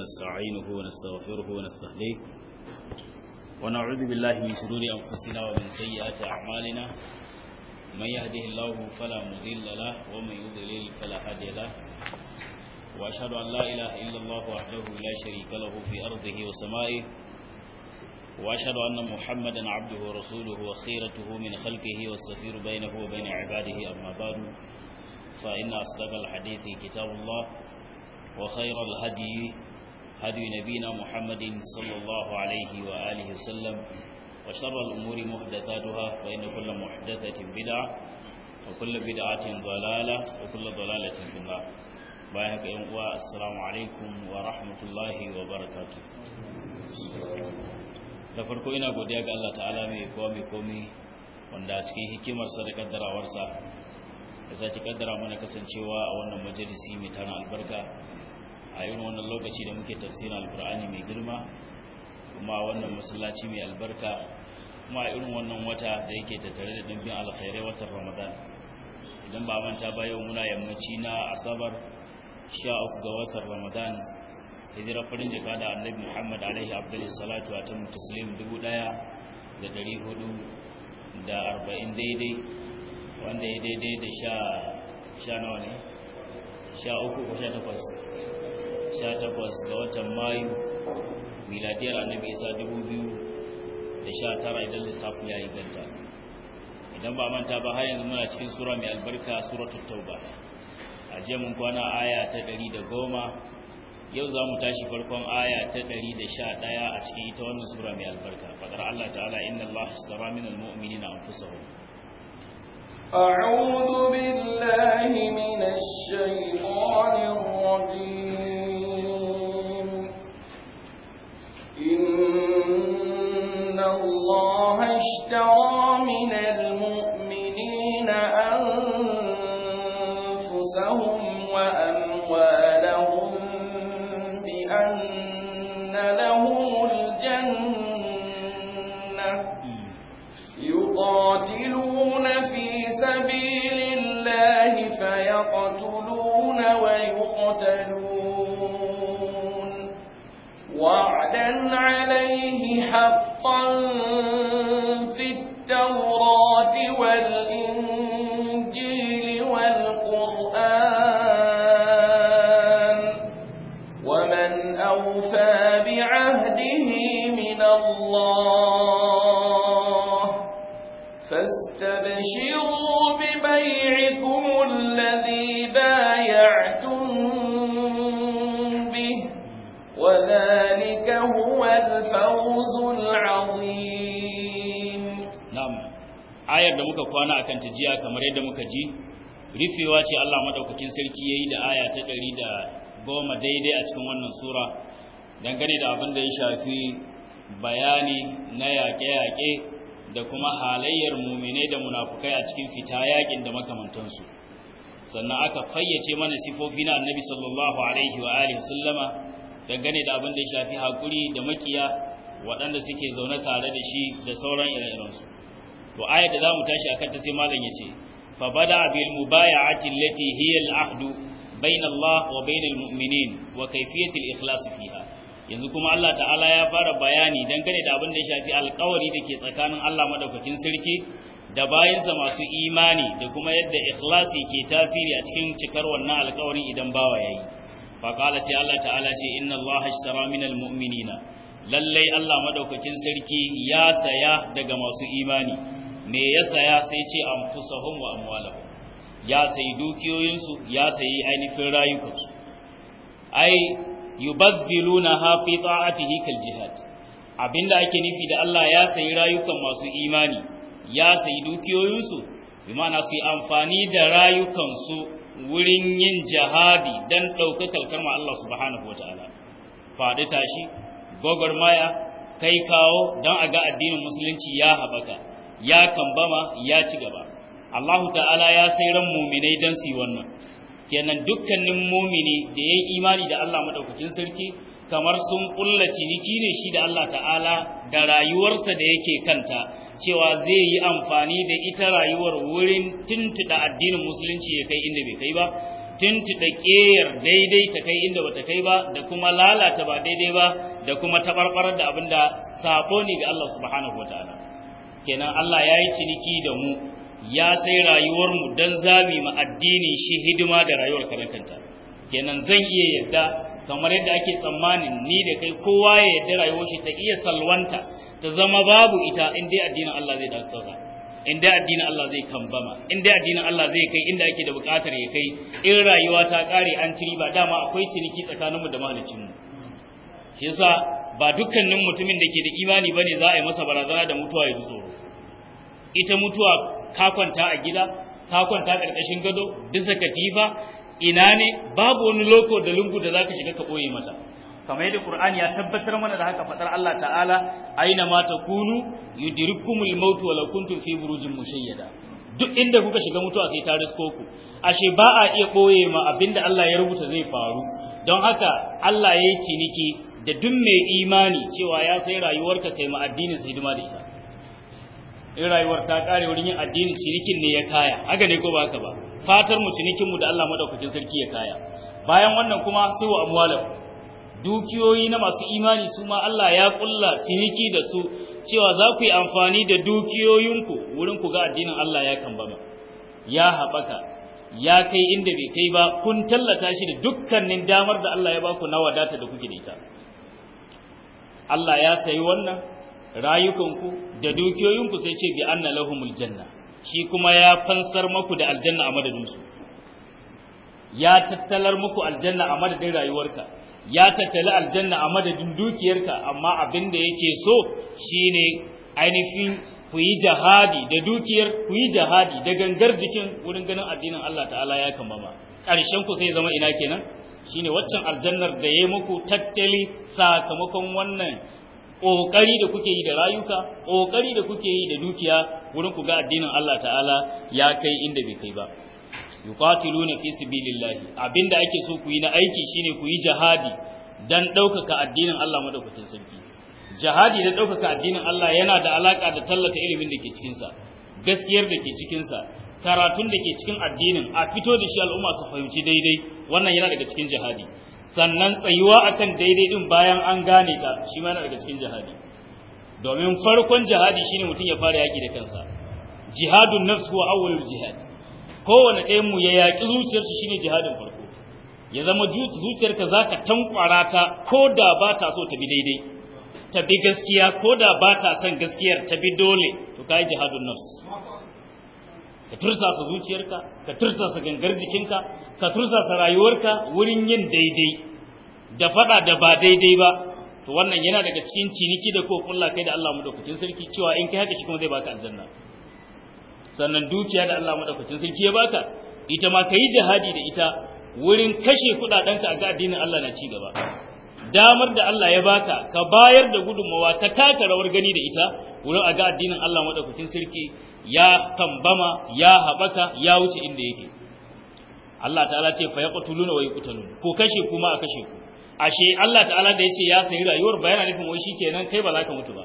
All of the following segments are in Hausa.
ونستعينه ونستغفره ونستهديه ونعوذ بالله من شرور أنفسنا ومن سيئات أعمالنا من يهده الله فلا مضل له ومن يضلل فلا هادي له وأشهد أن لا إله إلا الله وحده لا شريك له في أرضه وسمائه وأشهد أن محمدا عبده ورسوله وخيرته من خلقه والسفير بينه وبين عباده أما بعد فإن أصدق الحديث كتاب الله وخير الهدي هدي نبينا محمد صلى الله عليه وآله وسلم وشر الأمور محدثاتها فإن كل محدثة بدعة وكل بدعة ضلالة وكل ضلالة في النار بايعك يا السلام عليكم ورحمة الله وبركاته da farko ina godiya ga Allah ta'ala mai kowa mai komi wanda a cikin hikimarsa da kaddarawarsa ya sake kaddara mana kasancewa a wannan majalisi mai tana albarka a irin wannan lokaci da muke tafsirin alkur'ani mai girma kuma wannan masallaci mai albarka kuma a irin wannan wata da yake tattare da dimbin alkhairai watan ramadan idan ba manta ba yau muna yammaci na asabar sha uku ga watan ramadan hijira farin jika da annabi muhammad alaihi abdullahi salatu wa tamu taslim dubu daya da dari hudu da arba'in daidai wanda ya daidai da sha sha nawa ne sha uku ko sha takwas 18 ga watan mayu miladiyar annabi isa 2019 idan lissafi ya yi ganta. idan ba manta ba har yanzu muna cikin sura mai albarka sura tattauba a jemun mun kwana aya ta 110 yau za mu tashi farkon aya ta 111 a cikin ita wannan sura mai albarka fadar Allah ta'ala inna Allah istara min almu'minina anfusahum أعوذ بالله من الشيطان الرجيم إن الله اشترى من have rufewa ce Allah madaukakin sarki yayi da aya ta da 110 daidai a cikin wannan sura dangane da abin da ya shafi bayani na yaƙe-yaƙe da kuma halayyar muminai da munafukai a cikin fita yaƙin da makamantansu sannan aka fayyace mana sifofi na annabi sallallahu alaihi wa alihi sallama dangane da abin da ya shafi haƙuri da makiya waɗanda suke zaune tare da shi da sauran ire to ayat da za mu tashi akan ta sai malam ya ce فبدأ بالمبايعة التي هي العهد بين الله وبين المؤمنين وكيفية الإخلاص فيها yanzu kuma Allah ta'ala ya fara bayani dangane da abin da ya shafi alkawari da ke tsakanin Allah madaukakin sarki da bayansa masu imani da kuma yadda ikhlasi ke tafiri a cikin cikar wannan alkawarin idan bawa yayi fa qala sai Allah ta'ala ce inna Allah ashtara minal mu'minina lallai Allah madaukakin sarki ya saya daga masu imani me ya sai ce sahun wa amwalahum ya sayi dukiyoyinsu ya sayi ainihin rayukansu ai yubazziluna ha fi ta'atihi kal jihad abinda ake nufi da Allah ya sayi rayukan masu imani ya sayi dukiyoyinsu bi ma'ana su yi amfani da rayukansu wurin yin jihadi dan daukakar kalmar Allah subhanahu wataala faɗi tashi gwagwarmaya kai kawo don a ga addinin musulunci ya haɓaka ya kambama ya ci gaba Allahu ta'ala ya sai ran muminai dan su yi wannan kenan dukkanin mumini da yayi imani da Allah madaukakin sarki kamar sun kulla ciniki ne shi da Allah ta'ala da rayuwarsa da yake kanta cewa zai yi amfani da ita rayuwar wurin tuntuɗa addinin musulunci ya kai inda bai kai ba tuntuɗa ƙeyar daidai ta kai inda bata kai ba da kuma lalata ba daidai ba da kuma taɓarɓarar da abin da ne ga Allah subhanahu wa ta'ala kenan Allah ya yi ciniki da mu ya sai rayuwar mu dan zami ma addinin shi hidima da rayuwar kanakanta kenan zan iya yadda kamar yadda ake tsammanin ni da kai kowa ya yadda rayuwar shi ta iya salwanta ta zama babu ita in dai addinin Allah zai dakata in dai addinin Allah zai kambama in dai addinin Allah zai kai inda ake da bukatar ya kai in rayuwa ta kare an ciri ba dama akwai ciniki tsakaninmu da malicinmu shi yasa ba dukkanin mutumin da ke da imani ba ne za a yi masa barazana da mutuwa ya zuzo ita mutuwa ka kwanta a gida ka kwanta karkashin gado bisa katifa ina ne babu wani loko da lungu da zaka shiga ka boye masa kamar yadda ƙur'ani ya tabbatar mana da haka fadar Allah ta'ala aina ma kunu, yudrikumul maut wa wala kuntum fi burujin mushayyada duk inda kuka shiga mutuwa sai ta risko ku ashe ba a iya ɓoye ma abinda Allah ya rubuta zai faru don haka Allah ya yi ciniki da duk mai imani cewa ya sai rayuwarka kai ma addinin sai hidima da ita in rayuwar ta kare wurin yin addini cinikin ne ya kaya haka ne ko ba haka ba fatar mu cinikin mu da Allah madaukakin sarki ya kaya bayan wannan kuma sai wa amwalahu dukiyoyi na masu imani su ma Allah ya kulla ciniki da su cewa za ku yi amfani da dukiyoyinku wurin ku ga addinin Allah ya bama. ya haɓaka ya kai inda bai kai ba kun tallata shi da dukkanin damar da Allah ya baku na wadata da kuke da ita Allah ya sayi wannan rayukanku da dukiyoyinku sai ce bi anna lahumul janna shi kuma ya fansar muku da aljanna a madadin su ya tattalar muku aljanna a madadin rayuwarka ya tattali aljanna a madadin dukiyarka amma abin da yake so shine ainihin ku yi jihadi da dukiyar ku yi jihadi da gangar jikin wurin ganin addinin Allah ta'ala ya kambama ƙarshen ku sai zama ina kenan Shi ne waccan aljannar da ya muku tattali sakamakon wannan ƙoƙari da kuke yi da rayuka ƙoƙari da kuke yi da dukiya wurin ku ga addinin Allah ta'ala ya kai inda bai kai ba yuqatiluna fi sabilillahi abinda ake so ku yi na aiki shine ku yi jihadi dan ɗaukaka addinin Allah madaukakin sarki jihadi da ɗaukaka addinin Allah yana da alaka da tallata ilimin da ke cikinsa, gaskiyar da ke cikinsa. karatun da ke cikin addinin a fito da shi al'umma su fahimci daidai wannan yana daga cikin jihadi sannan tsayuwa akan daidai din bayan an gane ta shi ma yana daga cikin jihadi domin farkon jihadi shine mutum ya fara yaki da kansa jihadun nafs huwa awwalul jihad kowane ɗayan mu ya yaki shi shine jihadin farko ya zama zuciyar ka zaka tankwara ta da ba ta so ta bi daidai ta bi gaskiya ko da ba ta son gaskiyar ta bi dole to kai jihadun nafs ka tursasa zuciyarka ka tursasa gangar jikinka ka tursasa rayuwarka wurin yin daidai da fada da ba daidai ba to wannan yana daga cikin ciniki da ko kulla kai da Allah madaukakin sarki cewa in kai haka shi kuma zai baka aljanna sannan dukiya da Allah madaukakin sarki ya baka ita ma kai jihadi da ita wurin kashe kudadenka a ga addinin Allah na ci gaba damar da Allah ya baka ka bayar da gudunmawa ka taka rawar gani da ita wurin a ga addinin Allah madaukakin sarki ya tambama ya haɓaka ya wuce inda yake Allah ta'ala ce fa ya yaqtuluna wa luna? ko kashe kuma a kashe ku ashe Allah ta'ala da ce ya sayi rayuwar bayana nufin wai shikenan kai ba za ka mutu ba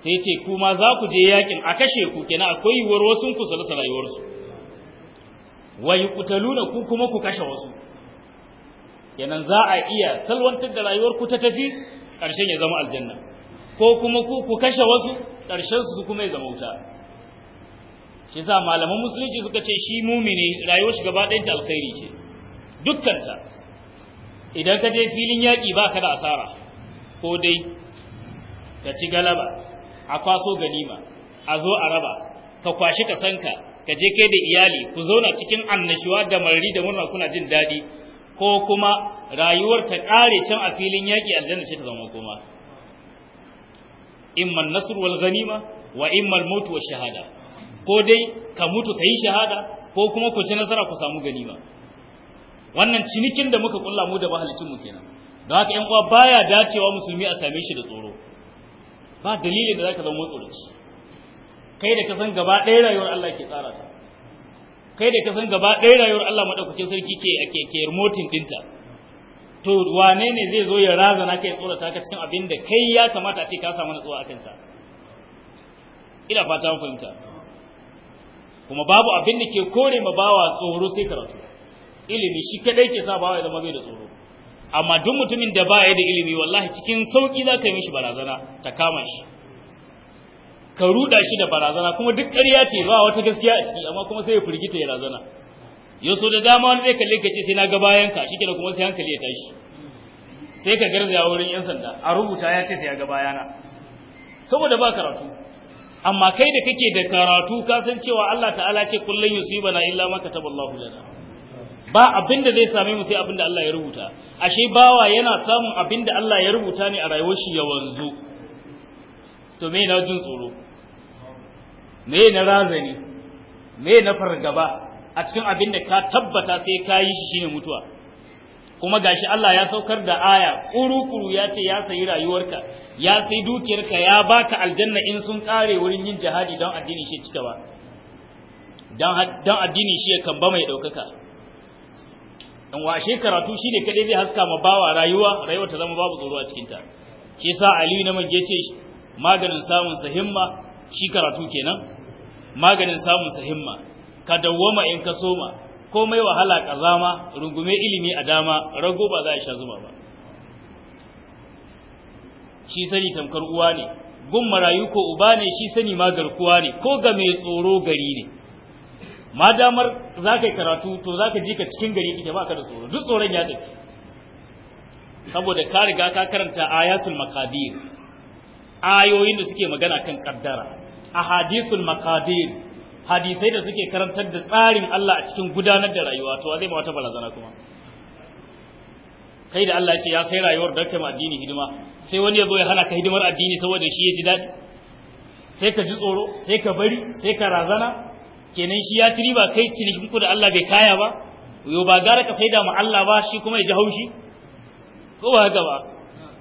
sai ce kuma za ku je yakin a kashe ku kenan akwai yiwuwar wasu ku su rasa rayuwarsu wa luna ku kuma ku kashe wasu kenan za a iya salwantar da rayuwar ku ta tafi ƙarshen ya zama aljanna ko kuma ku kashe wasu ƙarshen su kuma ya zama wuta shi sa malaman musulunci suka ce shi mumini rayuwar shi gaba ta alkhairi ce dukkanta idan ka je filin yaƙi ba ka da asara ko dai ka ci galaba a kwaso ganima a zo a raba ka kwashi ka sanka ka je kai da iyali ku zauna cikin annashuwa da marri da murna kuna jin daɗi ko kuma rayuwar ta ƙare can a filin yaƙi aljanna ce ta zama koma imma nasr wal ghanima wa imma al maut wash shahada ko dai ka mutu kai shahada ko kuma ku ci nasara ku samu ganima wannan cinikin da muka kulla mu da mahallicin mu kenan don haka yan uwa baya dacewa musulmi a same shi da tsoro ba dalilin da zaka zama tsoroci kai da ka san gaba ɗaya rayuwar Allah ke tsara ta kai da ka san gaba ɗaya rayuwar Allah madaukakin sarki ke ke remoting dinta to wane ne zai zo ya razana ka ya tsorata ka cikin abin da kai ya kamata a ce ka samu natsuwa a kansa ina fata fahimta kuma babu abin da ke kore ma bawa tsoro sai karatu ilimi shi kadai ke sa bawa ya zama bai da tsoro amma duk mutumin da ba ya da ilimi wallahi cikin sauki za ka yi mishi barazana ta kama shi ka ruda shi da barazana kuma duk ƙarya ce ba wata gaskiya a ciki amma kuma sai ya firgita ya razana Yasu da dama wani zai kalle ka ce sai na ga bayan ka shi kuma sai hankali ya tashi sai ka garzaya wurin yan sanda a rubuta ya ce sai ya ga bayana saboda ba karatu amma kai da kake da karatu ka san cewa Allah ta'ala ce kullun yusibana illa ma kataballahu lana ba abinda zai same mu sai abinda Allah ya rubuta ashe bawa yana samun abinda Allah ya rubuta ne a rayuwar shi ya wanzu to me na jin tsoro me na razani me na fargaba a cikin abin da ka tabbata sai ka yi shi shine mutuwa kuma gashi Allah ya saukar da aya kurukuru ya ce ya sayi rayuwarka ya sayi dukiyarka ya baka aljanna in sun kare wurin yin jihadi don addini shi cika ba don addini shi ya kamba mai ɗaukaka in washe karatu shine ne kaɗai zai haska ma bawa rayuwa rayuwa ta zama babu tsoro a cikinta shi sa aliyu na mange ce maganin samun sa himma shi karatu kenan maganin samun sa himma ka dawwama in ka soma komai wahala kazama rungume ilimi a dama rago ba za a sha zuma ba shi sani tamkar uwa ne gun marayu ko uba ne shi sani ma garkuwa ne ko ga mai tsoro gari ne ma damar za ka yi karatu to za ka ji ka cikin gari kike ba ka da tsoro duk tsoron ya tafi saboda ka riga ka karanta ayatul maqadir ayoyin da suke magana kan kaddara ahadithul maqadir hadisai da suke karantar da tsarin Allah a cikin gudanar da rayuwa to zai ma wata balazana kuma kai da Allah ya ce ya sai rayuwar da kai ma addini hidima sai wani ya zo ya hana ka hidimar addini saboda shi ya ji daɗi sai ka ji tsoro sai ka bari sai ka razana kenan shi ya ciri ba kai cinikin ku da Allah bai kaya ba yo ba gara ka saida ma Allah ba shi kuma ya ji haushi ko ba haka ba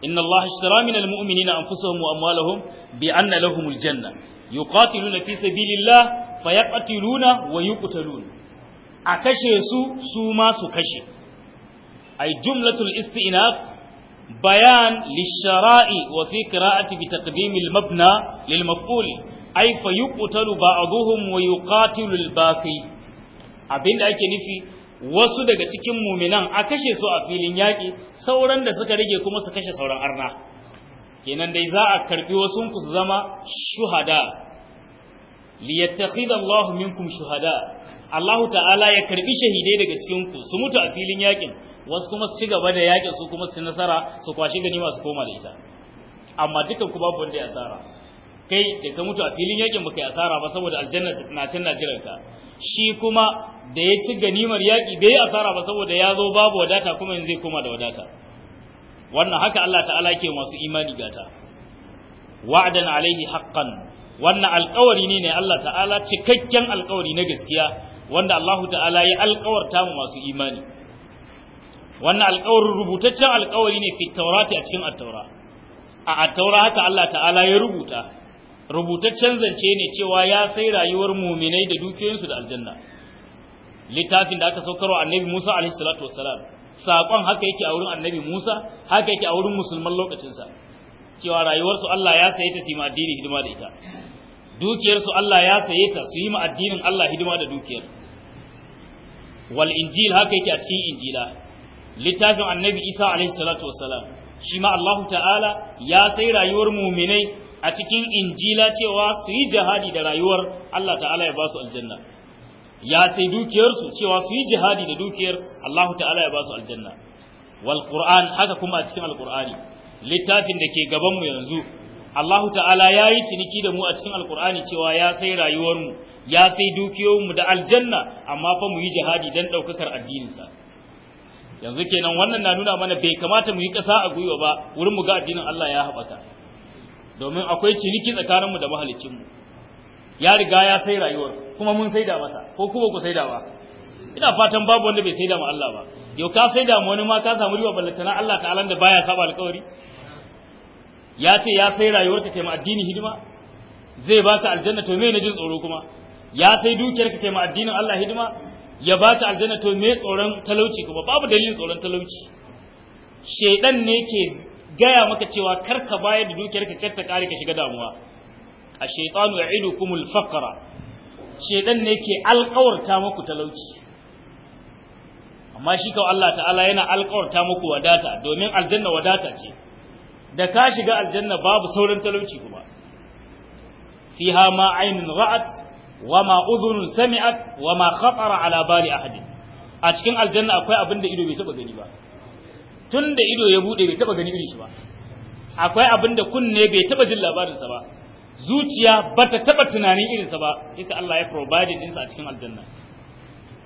inna Allah ashtara min almu'minina anfusahum wa amwalahum bi anna lahumul janna yuqatiluna fi sabilillah fayaqtiluna wa yuqtalun a kashe su su ma su kashe ay jumlatul istinaf bayan lishara'i wa fi qira'ati bi taqdim al mabna lil maf'ul ay fayuqtalu ba'dhum wa yuqatilu al baqi abinda ake nufi wasu daga cikin muminan a kashe su a filin yaƙi sauran da suka rage kuma su kashe sauran arna kenan dai za a karbi wasu su zama shuhada liyattakhidha Allah minkum shuhada Allah ta'ala ya karbi shahidai daga cikin ku su mutu a filin yakin wasu kuma su ci gaba da yakin su kuma su nasara su kwashi ganima su koma da ita amma dukan ku babu wanda ya asara kai da ka mutu a filin yakin baka asara ba saboda aljanna na can na ka. shi kuma da ya ci ganimar yaki bai asara ba saboda ya zo babu wadata kuma yanzu zai koma da wadata wannan haka Allah ta'ala ke masu imani gata wa'adan alaihi haqqan wannan alkawari ne ne Allah ta'ala cikakken alkawari na gaskiya wanda Allah ta'ala ya alkawarta mu masu imani wannan alkawarin rubutaccen alkawari ne fi taurati a cikin attaura a attaura haka Allah ta'ala ya rubuta rubutaccen zance ne cewa ya sai rayuwar muminai da dukiyoyinsu da aljanna littafin da aka saukarwa annabi Musa alaihi salatu wassalam sakon haka yake a wurin annabi Musa haka yake a wurin musulman lokacinsa cewa rayuwarsu Allah ya sai ta sima addini hidima da ita dukiyarsu Allah ya saye ta su yi ma addinin Allah hidima da dukiyar wal injil haka yake a cikin injila littafin annabi Isa alaihi salatu wassalam shi ma Allah ta'ala ya sai rayuwar muminai a cikin injila cewa su yi jihadi da rayuwar Allah ta'ala ya ba su aljanna ya sai dukiyarsu cewa su yi jihadi da dukiyar Allah ta'ala ya ba su aljanna wal qur'an haka kuma a cikin alqur'ani littafin da ke gabanmu yanzu Allahu ta'ala ya yi ciniki da mu a cikin alkur'ani cewa ya sai rayuwarmu ya sai dukiyoyinmu da aljanna amma fa mu yi jihadi don ɗaukakar addininsa yanzu kenan wannan na nuna mana bai kamata mu yi ƙasa a gwiwa ba wurin mu ga addinin Allah ya haɓaka domin akwai ciniki tsakaninmu da mahalicinmu ya riga ya sai rayuwar kuma mun saida masa ko kuma ku saida ba ina fatan babu wanda bai saida ma Allah ba yau ka saida ma wani ma ka samu riba ballatana Allah ta'ala da baya saba alƙawari ya ce ya sai rayuwarka kai ma hidima zai baka aljanna to me na jin tsoro kuma ya sai dukiyarka ka ma addinin Allah hidima ya baka aljanna to me tsoron talauci kuma babu dalilin tsoron talauci shedan ne ke gaya maka cewa kar ka bayar da dukiyarka kar ta kare ka shiga damuwa a shaytanu ya'idukumul faqra shedan ne ke alƙawarta muku talauci amma shi kawai Allah ta'ala yana alƙawarta muku wadata domin aljanna wadata ce da ka shiga aljanna babu sauran talauci kuma fiha ma aynun ra'at wa ma udhunun sami'at wa ma khatara ala bali hadin. a cikin aljanna akwai abin da ido bai taba gani ba tunda ido ya bude bai taba gani irin shi ba akwai abin da kunne bai taba jin labarinsa ba zuciya ba ta taba tunanin irinsa ba ita Allah ya provide din a cikin aljanna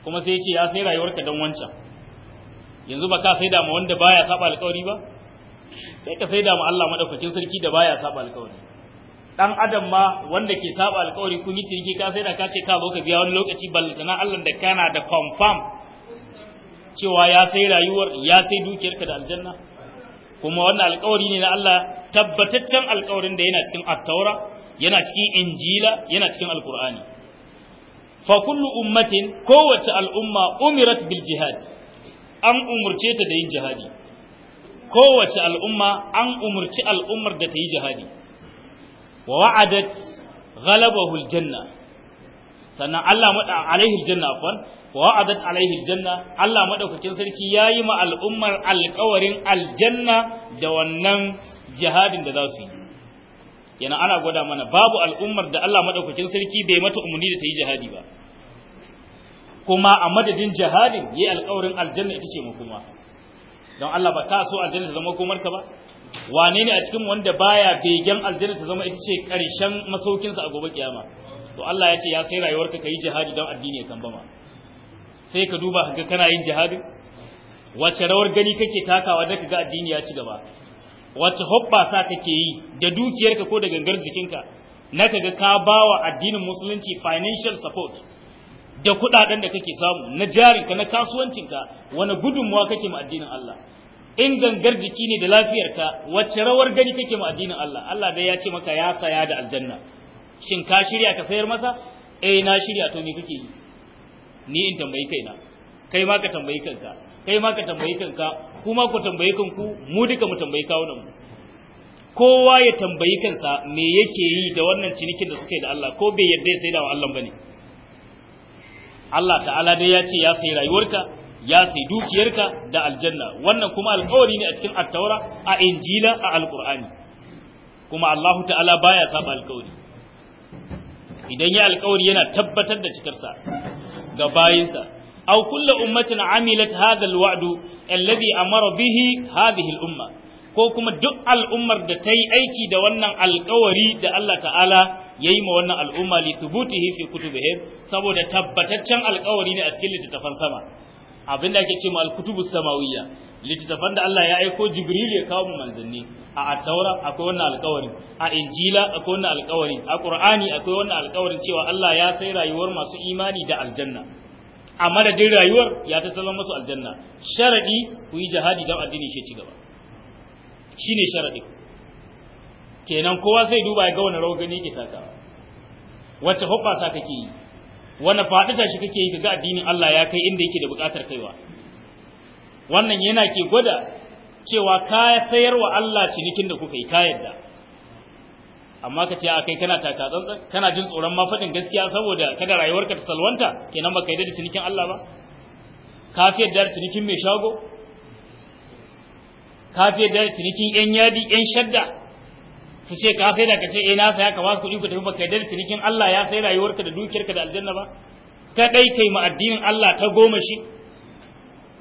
kuma sai ya ce ya sai rayuwarka dan wancan yanzu ba ka sai ma wanda baya saba alƙawari ba sai ka saida mu Allah madaukakin sarki da baya saba alƙawari dan adam ma wanda ke saba alƙawari kun yi ciniki ka saida ka ce ka zo ka biya wani lokaci ballantana Allah da kana da confirm cewa ya sai rayuwar ya sai dukiyarka da aljanna kuma wannan alƙawari ne na Allah tabbataccen alƙawarin da yana cikin Attaura, yana cikin injila yana cikin alqur'ani fa kullu ummatin kowace al'umma umirat bil jihad an umurce ta da yin jihadi kowace al'umma an umurci al'ummar da ta yi jihadi wa wa'adat ghalabahu aljanna sannan Allah mada alaihi aljanna afwan wa wa'adat alaihi aljanna Allah madaukakin sarki yayi ma al'ummar alƙawarin aljanna da wannan jihadin da za su yi yana ana gwada mana babu al'ummar da Allah madaukakin sarki bai mata umarni da ta yi jihadi ba kuma a madadin jihadin yayi alƙawarin aljanna ita ce mu kuma don Allah ba ta so aljanna ta zama ka ba wane ne a cikin wanda baya begen aljanna ta zama ita ce karshen masaukin masaukinsa a gobe kiyama to Allah ya ce ya sai rayuwarka ka yi jihadi don addini ya tambama sai ka duba ka kana yin jihadi wace rawar gani kake takawa da kaga addini ya ci gaba wace hobbasa kake yi da dukiyarka ko da gangar jikinka na kaga ka bawa addinin musulunci financial support da kudaden da kake samu na jarinka na kasuwancinka wani gudunmuwa kake ma addinin Allah in gangar jiki ne da lafiyarka wacce rawar gani kake ma addinin Allah Allah dai ya ce maka ya saya da aljanna shin ka shirya ka sayar masa eh na shirya to ni kake yi ni in tambayi kaina kai ma ka tambayi kanka kai ma ka tambayi kanka kuma ku tambayi kanku mu duka mu tambayi kawunan mu kowa ya tambayi kansa me yake yi da wannan cinikin da suka yi da Allah ko bai yarda ya sai da Allah bane Allah ta'ala dai ya ce ya sai rayuwarka ya sai dukiyarka da aljanna wannan kuma alƙawari ne a cikin attaura a injila a alƙur'ani kuma Allah ta'ala baya saba alƙawari idan ya alƙawari yana tabbatar da cikarsa ga bayinsa aw kullu ummatin amilat hadha alwa'du alladhi amara bihi hadhihi ko kuma duk al'ummar da ta yi aiki da wannan alƙawari da Allah ta'ala Ya yi ma wannan al'umma li thubutihi fi kutubihim saboda tabbataccen alƙawari ne a cikin littattafan sama abin da ake ce ma al-kutubu samawiyya littattafan da Allah ya aiko Jibril ya kawo mu manzanni a Taura akwai wannan alƙawarin a Injila akwai wannan alƙawarin a Qur'ani akwai wannan alƙawarin cewa Allah ya sai rayuwar masu imani da aljanna a madadin rayuwar ya tattala masu aljanna sharadi ku yi jihadi don addini shi ci gaba shine sharadi kenan kowa sai duba ya ga wani rawar gani ke saka wacce hoɓɓasa kake yi wani faɗi shi kake yi ga addinin Allah ya kai inda yake da buƙatar kaiwa wannan yana ke gwada cewa ka wa Allah cinikin da kuka yi ka yadda amma ka ce a kai kana taka kana jin tsoron ma fadin gaskiya saboda kada rayuwarka ta salwanta kenan baka yi da cinikin Allah ba ka fi yadda da cinikin mai shago ka fi yadda cinikin yan yadi yan shadda su ce ka sai da ka ce eh na saya ka ba su kuɗi ku tafi baka yarda da cinikin Allah ya sai rayuwarka da dukiyarka da aljanna ba ka dai kai mu addinin Allah ta goma shi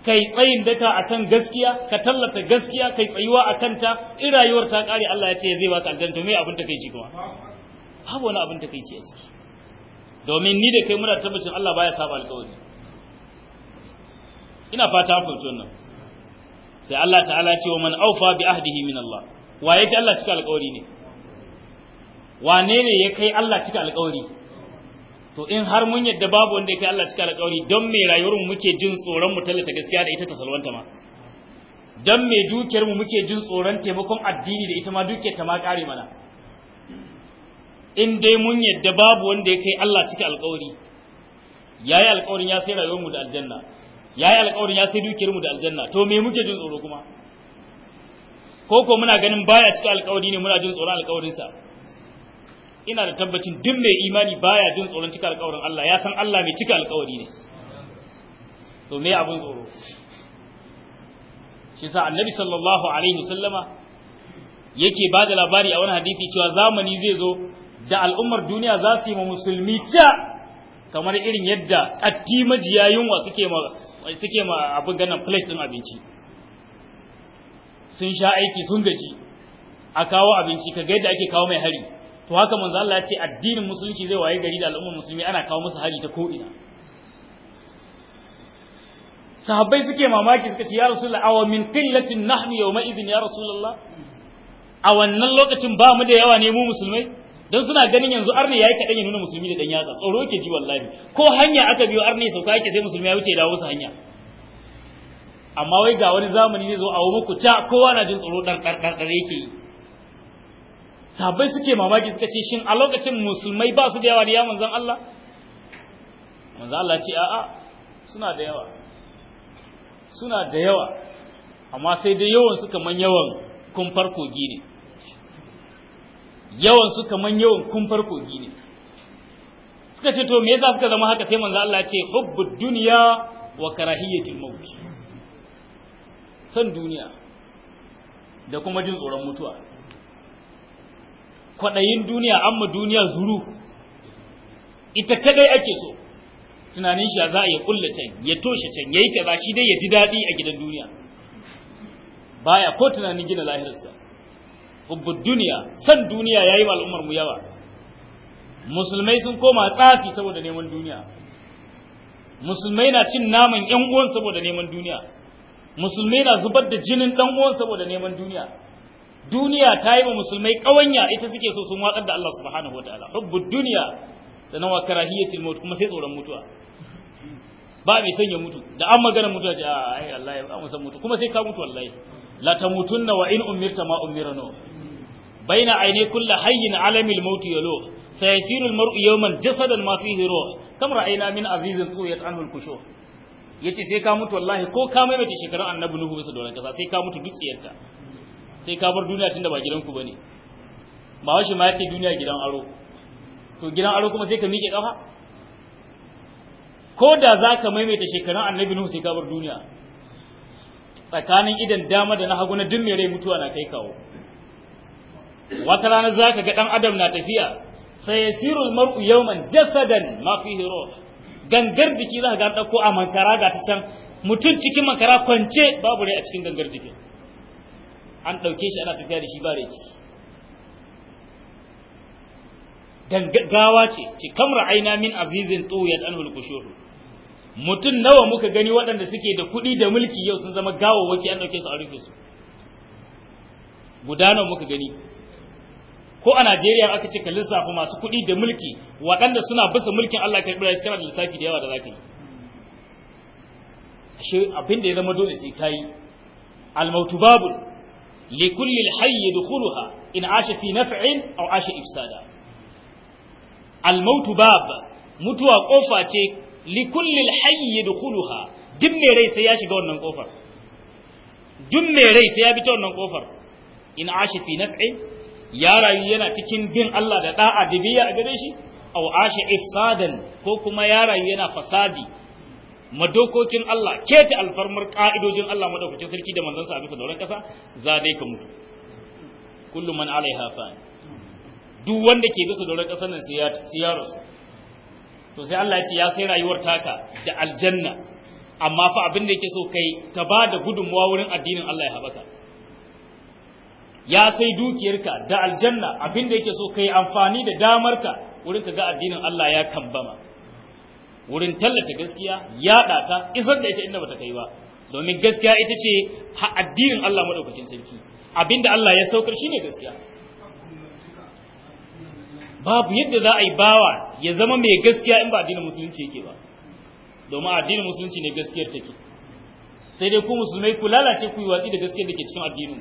kai tsayin daka akan gaskiya ka tallata gaskiya kai tsayuwa akan ta in rayuwar ta kare Allah ya ce zai baka aljanna to me abin ta kai ci kuma babu wani abin ta kai ci a ciki domin ni da kai muna tabbacin Allah baya saba alƙawari ina fata ku wannan sai Allah ta'ala ce wa man aufa bi ahdihi min Allah waye ga Allah cika alƙawari ne wane ne ya kai Allah cika alƙawari to in har mun yadda babu wanda ya kai Allah cika alƙawari don me rayuwar mu muke jin tsoron mu tallata gaskiya da ita ta salwanta ma don me dukiyar mu muke jin tsoron taimakon addini da ita ma dukiyar ta ma kare mana in dai mun yadda babu wanda ya kai Allah cika alƙawari yayi alƙawarin ya sai rayuwar mu da aljanna yayi alƙawarin ya sai dukiyar mu da aljanna to me muke jin tsoro kuma ko ko muna ganin baya cika alƙawari ne muna jin tsoron alkawarinsa sa ina da tabbacin duk mai imani baya jin tsoron cika alƙawarin Allah ya san Allah mai cika alƙawari ne to me abun tsoro shi sa annabi sallallahu alaihi wasallama yake ba da labari a wani hadisi cewa zamani zai zo da al'ummar duniya za su yi wa musulmi ca kamar irin yadda ƙatti majiya yunwa suke ma suke ma abin ganin plate din abinci sun sha aiki sun gaji a kawo abinci ka ga yadda ake kawo mai hari to haka manzo Allah ya ce addinin musulunci zai waye gari da al'ummar musulmi ana kawo musu hari ta ko'ina sahabbai suke mamaki suka ce ya rasulullah aw min qillatin nahnu yawma idhin ya rasulullah a wannan lokacin ba mu da yawa ne mu musulmai don suna ganin yanzu arne yayi kadan ya nuna musulmi da dan yatsa tsoro yake ji wallahi ko hanya aka biyo arne sauka yake sai musulmi ya wuce dawo wasu hanya amma wai ga wani zamani zai zo a muku ta kowa na jin tsoro dar dar dar yake yi sahabbai suke mamaki suka ce shin a lokacin musulmai ba su da yawa ya manzon Allah manzon Allah ce a'a suna da yawa suna da yawa amma sai dai yawan su kaman yawan kumfar kogi ne yawan su kaman yawan kumfar kogi ne suka ce to me yasa suka zama haka sai manzon Allah ce hubbud dunya wa karahiyatul maut san duniya da kuma jin tsoron mutuwa kwaɗayin duniya an ma duniya zuru ita kadai ake so tunanin shi za a ya kulla can ya toshe can ya yi kaza shi dai ya ji daɗi a gidan duniya baya ko tunanin gina lahirsa, hubbud duniya san duniya ya yi al'ummar mu yawa musulmai sun koma tsafi saboda neman duniya musulmai na cin naman yan uwan saboda neman duniya musulmai na zubar da jinin dan uwan saboda neman duniya duniya ta yi wa musulmai ƙawanya ita suke so sun watsar da Allah subhanahu ta'ala, hubbu duniya sannan kara karahiyatul maut kuma sai tsoron mutuwa ba mai sanya mutu da an magana mutuwa ce a ah, ai Allah ya ba mu san mutu kuma sai ka mutu wallahi la tamutunna wa in umirta ma umirano baina aini kullu hayyin alamil maut yalo sayasiru al mar'u yawman jasadan ma fihi ruh kam ra'ayna min azizin tuyat anhu al Ya yace sai ka mutu wallahi ko ka mace shekarun annabi nuhu bisa doron kasa sai ka mutu dutsiyarka sai ka bar duniya tunda ba gidanku bane ba washe ma yace duniya gidan aro to gidan aro kuma sai ka miƙe kafa ko da za ka maimaita shekarun annabi nuhu sai ka bar duniya tsakanin idan dama da na hagu na duk rai mutuwa na kai kawo wata rana za ka ga dan adam na tafiya yasirul mar'u yawman jasadan ma fihi ruh gangar jiki za ka ga dauko a makara ga ta can mutum cikin makara kwance babu rai a cikin gangar jiki. an ɗauke shi ana tafiya da shi ba da ciki gawa ce ce kamra aina min azizin ya anhul kushur mutum nawa muka gani waɗanda suke da kuɗi da mulki yau sun zama gawawaki an ɗauke su a rufe su nawa muka gani ko a Najeriya aka ce ka lissafa masu kuɗi da mulki waɗanda suna bisa mulkin Allah ka ibrahim kana da lissafi da yawa da zaka yi ashe abin da ya zama dole sai kai al-mautu babul لكل الحي دخولها إن عاش في نفع أو عاش إفسادا الموت باب متوى قوفة لكل الحي دخولها دم ري سياشي قولنا قوفر دم ري سيابي قولنا قوفر إن عاش في نفع ya rayu yana cikin bin Allah da da'a da biya a gare shi aw asha ifsadan ko kuma ya rayu yana fasadi madokokin Allah keta alfarmar ka'idojin Allah madokokin sarki da Manzansa a bisa dauran kasa za dai ka mutu kullu man alaiha fan duk wanda ke bisa dauran kasar nan sai ya rasu to sai Allah ya ce ya sai rayuwar taka da aljanna amma fa abin da yake so kai ta ba da gudunmuwa wurin addinin Allah ya habaka ya sai dukiyarka da aljanna abin da yake so kai amfani da damarka wurin ka ga addinin Allah ya kambama wurin tallata gaskiya ya ɗata isar da ita inda bata kai ba domin gaskiya ita ce addinin Allah maɗaukakin sarki abinda Allah ya saukar shi ne gaskiya babu yadda za a yi bawa ya zama mai gaskiya in ba addinin musulunci yake ba domin addinin musulunci ne gaskiyar take sai dai ku musulmai ku lalace ku yi watsi da gaskiyar da ke cikin addinin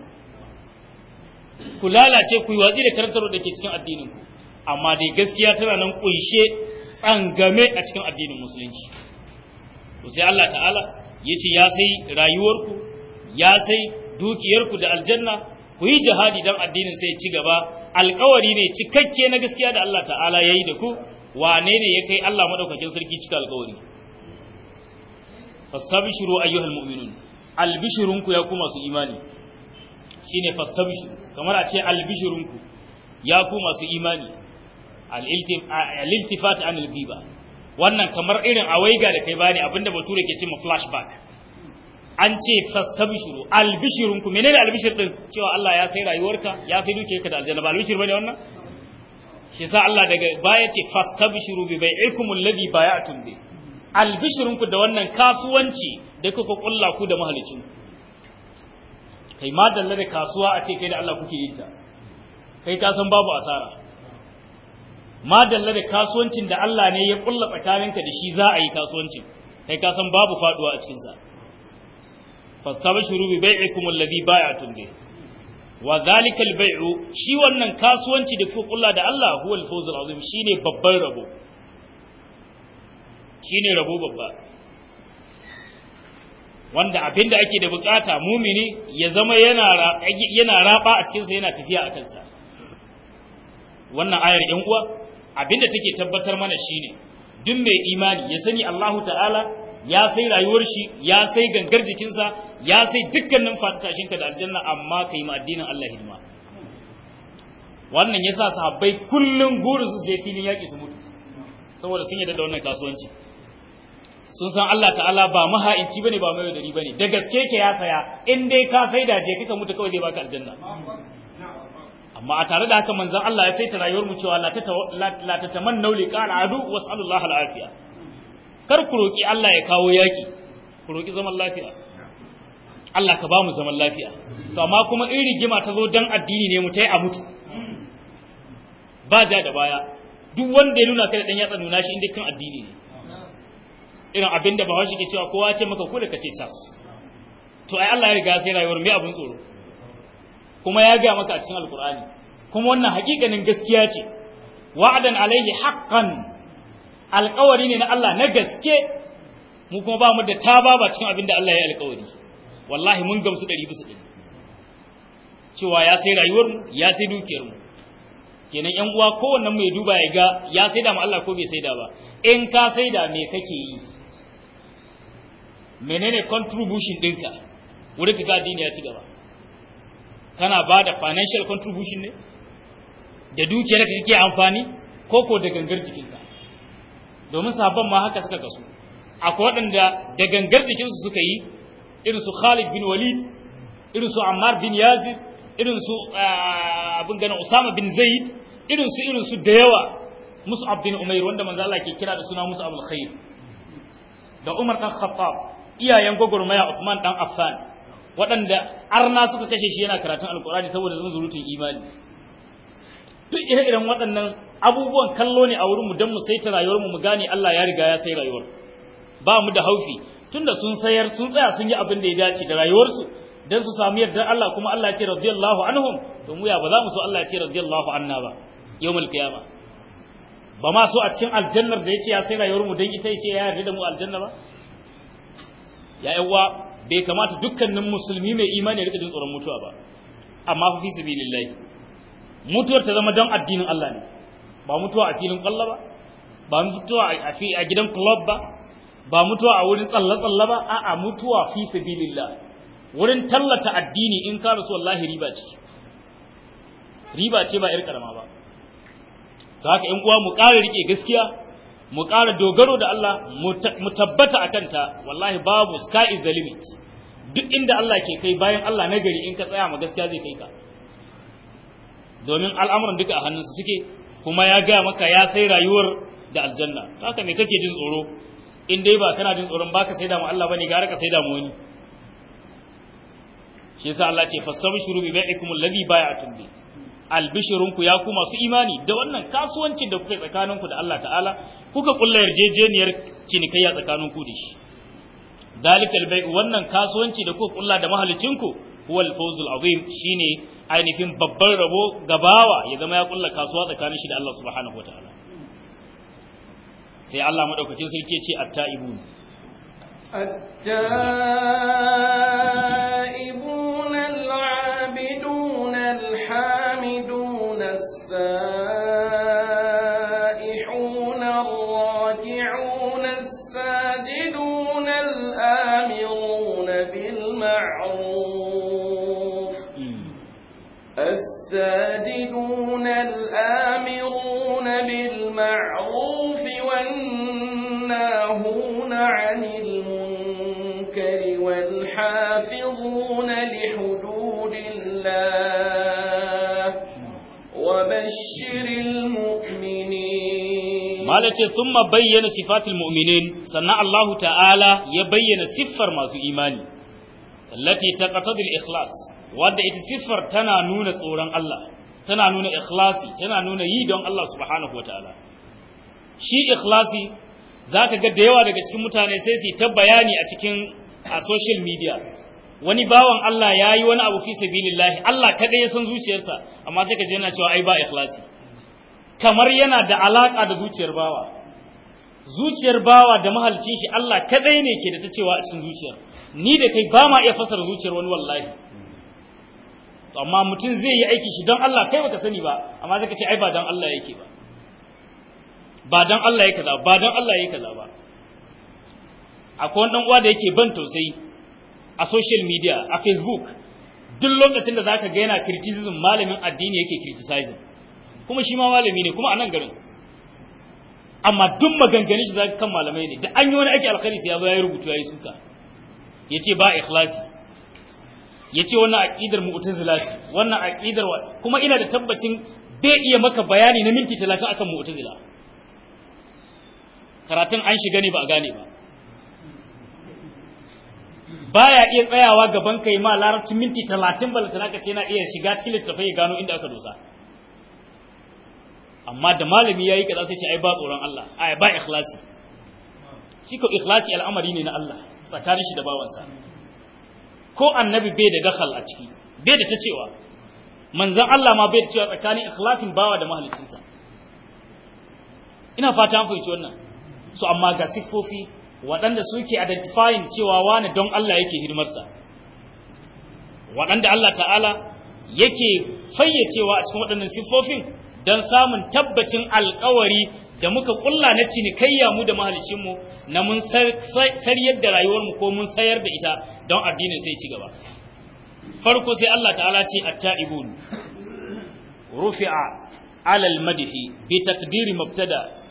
ku lalace ku yi watsi da karantarwa da ke cikin addinin ku amma dai gaskiya tana nan kunshe tsangame a cikin addinin musulunci to sai Allah ta'ala ya ce ya sai rayuwarku ya sai dukiyarku da aljanna ku yi jihadi don addinin sai ci gaba alkawari ne cikakke na gaskiya da Allah ta'ala ya yi da ku wane ne ya kai Allah maɗaukakin sarki cika alkawari fastabshiru ayyuhal mu'minun albishirunku ya ku masu imani shine fastabshiru kamar a ce albishirunku ya ku masu imani al-iltifat an al wannan kamar irin awaiga da kai bani abinda bature ke cewa flashback an ce fastabshuru ku menene albishir din cewa Allah ya sai rayuwarka ya sai ka da aljanna ba albishir bane wannan shi sa Allah daga baya ce fastabshiru bi bai'ikum alladhi bay'atun bi ku da wannan kasuwanci da kuka kulla ku da mahalicin kai ma dalla da kasuwa a ce kai da Allah kuke yin ta kai ka san babu asara ma dalla da kasuwancin da Allah ne ya kulla tsakaninka da shi za a yi kasuwancin kai ka san babu faduwa a cikin sa fastabshuru bi bai'ikum alladhi bai'atum bi wa zalikal baiu shi wannan kasuwanci da kuka kulla da Allah huwa al-fawz al-azim shine babban rabo shine rabo babba wanda abinda ake da bukata mumini ya zama yana yana raba a cikin sa yana tafiya a kansa wannan ayar yan uwa abinda take tabbatar mana shine duk mai imani ya sani Allahu ta'ala ya sai rayuwar shi ya sai gangar jikinsa ya sai dukkanin ka da aljanna amma kai ma addinin Allah hidima wannan yasa sahabbai kullun gurin su je filin yaki su mutu saboda sun yadda da wannan kasuwanci sun san Allah ta'ala ba maha'inci bane ba mai yaudari bane da gaske ke ya saya in dai ka saida je kika mutu kawai dai baka aljanna amma a tare da haka manzon Allah ya saita rayuwar mu cewa la tatamannu liqa al'adu wasallallahu al'afiya kar ku roki Allah ya kawo yaki ku roki zaman lafiya Allah ka ba mu zaman lafiya to amma kuma in rigima ta zo dan addini ne mu tai a mutu ba ja da baya duk wanda ya nuna kai dan yatsa nuna shi inda kan addini ne irin abinda ba shi ke cewa kowa ce maka ko da kace tas to ai Allah ya riga sai rayuwar mai abun tsoro kuma ya gaya maka a cikin alkur'ani kuma wannan hakikanin gaskiya ce wa'adan alaihi haqqan alƙawari ne na Allah na gaske mu kuma ba mu da taba ba cikin abin da Allah ya yi alƙawari wallahi mun gamsu 100 bisa 100 cewa ya sai rayuwar mu ya sai dukiyar mu kenan yan uwa kowanne wannan mai duba ya ga ya sai da mu Allah ko bai sai da ba in ka sai da me kake yi menene contribution dinka wurin ka ga addini ya ci gaba kana ba da financial contribution ne da dukiyar da kake amfani ko ko da gangar jikinka domin sahabban ma haka suka kasu akwai waɗanda da gangar jikinsu suka yi irin su Khalid bin Walid irin su Ammar bin Yazid irin su ah, abin ganin Usama bin Zaid irin su irin su da yawa Mus'ab bin Umair wanda manzo Allah ke kira da suna Mus'ab al-Khair da Umar dan Khattab iyayen gogormaya Uthman dan Affan waɗanda arna suka kashe shi yana karatun alkurani saboda zurutun imani duk ire-iren waɗannan abubuwan kallo ne a wurinmu don mu saita rayuwar mu gane Allah ya riga ya sai rayuwar ba mu da haufi tunda sun sayar sun tsaya sun yi abin da ya dace da rayuwarsu don su sami yardar Allah kuma Allah ya ce radiyallahu anhum to mu ya ba za mu so Allah ya ce radiyallahu anna ba yawmul qiyama ba ma so a cikin aljannar da ya ce ya sai rayuwar mu don ita yace ya yarda da mu aljanna ba ya yawa bai kamata dukkanin musulmi mai imani ya rika jin tsoron mutuwa ba amma fi sabilillah mutuwar ta zama don addinin Allah ne ba mutuwa a filin kwallo ba ba mutuwa a gidan kulob ba ba mutuwa a wurin tsalle-tsalle ba a'a mutuwa fi sabilillah wurin tallata addini in ka rasu wallahi riba ce riba ce ba 'yar karama ba to haka in uwa mu ƙara rike gaskiya mu ƙara dogaro da Allah mu tabbata a kanta wallahi babu sky is the limit duk inda Allah ke kai bayan Allah na gari in ka tsaya ma gaskiya zai kai ka domin al'amuran duka a hannunsa suke kuma ya gaya maka ya sai rayuwar da aljanna haka ne kake jin tsoro in dai ba kana jin tsoron baka sai da mu Allah bane gara ka sai da mu wani shi yasa Allah ce fastabshuru bi baikum alladhi bai'atum bi albishirinku ya ku masu imani da wannan kasuwancin da kuka tsakaninku da Allah ta'ala kuka ƙulla yarjejeniyar cinikayya tsakaninku da shi dalikal bai wannan kasuwanci da kuka kulla da mahalicinku huwal fawzul azim shine ainihin babban rabo gabawa ya zama ya ƙulla kasuwa tsakanin shi da Allah subhanahu sai Allah maɗaukacin sarki ya ce at-taibun at taibun عن المنكر والحافظون لحدود الله وبشر المؤمنين ما ثم بين صفات المؤمنين سنع الله تعالى يبين صفر ما سو إيماني التي تقتضي الإخلاص wadda ita siffar tana nuna tsoron Allah tana nuna ikhlasi tana nuna yi don Allah subhanahu wataala shi ikhlasi za ka ga da yawa daga cikin mutane sai su yi ta bayani a cikin a social media wani bawan Allah ya yi wani abu fi lillahi Allah kaɗai ya san zuciyarsa amma sai ka je yana cewa ai ba ikhlasi kamar yana da alaƙa da zuciyar bawa zuciyar bawa da mahalicin shi Allah kaɗai ne ke da ta cewa a cikin zuciyar ni da kai ba ma iya fasara zuciyar wani wallahi amma mutum zai yi aiki shi don Allah kai baka sani ba amma sai ka ce ai ba don Allah yake ba ba don Allah ya kaza ba don Allah ya kaza ba akwai wani uwa da yake ban tausayi a social media a facebook duk lokacin da zaka ga yana criticism malamin addini yake criticizing kuma shi ma malami ne kuma a nan garin amma duk maganganun shi ka kan malamai ne da an yi wani ake alkhari sai ya zo ya yi rubutu ya yi suka ya ce ba ikhlasi ya ce wannan aƙidar mu'tazila ce wannan aƙidar kuma ina da tabbacin bai iya maka bayani na minti talatin akan mu'tazila karatun an shiga ne ba a gane ba baya iya tsayawa gaban kai ma larabcin minti talatin balantana ka ce na iya shiga cikin littattafai ya gano inda aka dosa amma da malami ya yi ka sai ce ai ba tsoron Allah ai ba ikhlasi shi ko ikhlasi al'amari ne na Allah tsakanin shi da bawansa ko annabi bai da gahal a ciki bai da ta cewa manzon Allah ma bai da cewa tsakanin ikhlasin bawa da mahaliccinsa ina fata an fahimci wannan su amma ga siffofi waɗanda suke identifying cewa wani don Allah yake hidimarsa waɗanda Allah ta'ala yake fayyacewa a cikin waɗannan siffofin don samun tabbacin alkawari da muka ƙulla na cinikayya mu da mahalicinmu na mun sayar da mu ko mun sayar da ita don addinin sai ci gaba farko sai Allah ta'ala ce a taibun rufi'a alal madihi bi takdiri mabtada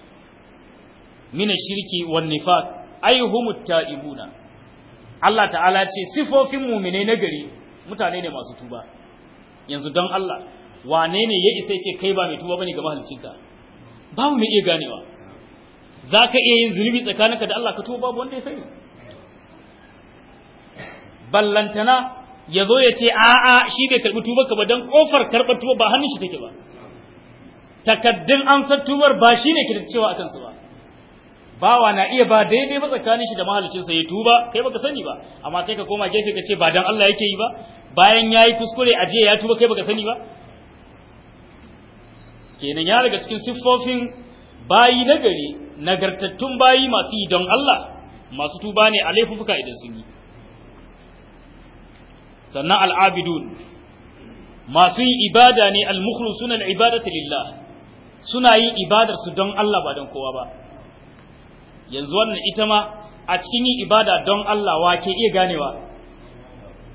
min shirki wan nifaq ay humut taibuna Allah ta'ala ce sifofin mu'mine na gari mutane ne masu tuba yanzu don Allah wane ne ya isa ce kai ba mai tuba bane ga mahaliccinka ba mu iya ganewa zaka iya yin zunubi tsakaninka da Allah ka tuba babu wanda ya sani ballantana ya zo ya ce a'a shi bai karɓi tuba ka ba don ƙofar karɓar tuba ba hannun shi take ba takaddun an san tubar ba shi ne ke da cewa a kansu ba bawa na iya ba daidai ba tsakanin shi da mahalicin sa ya tuba kai baka sani ba amma sai ka koma gefe ka ce ba dan Allah yake yi ba bayan yayi kuskure a jiya ya tuba kai baka sani ba kenan ya daga cikin siffofin bayi nagari nagartattun bayi masu yi don Allah masu tuba ne a laifuka idan sun yi sannan al'abidun masu yi ibada ne al-mukhlisuna al-ibadatu lillah suna yi ibadar su don Allah ba don kowa ba yanzu wannan ita ma a cikin yin ibada don Allah wa ke iya ganewa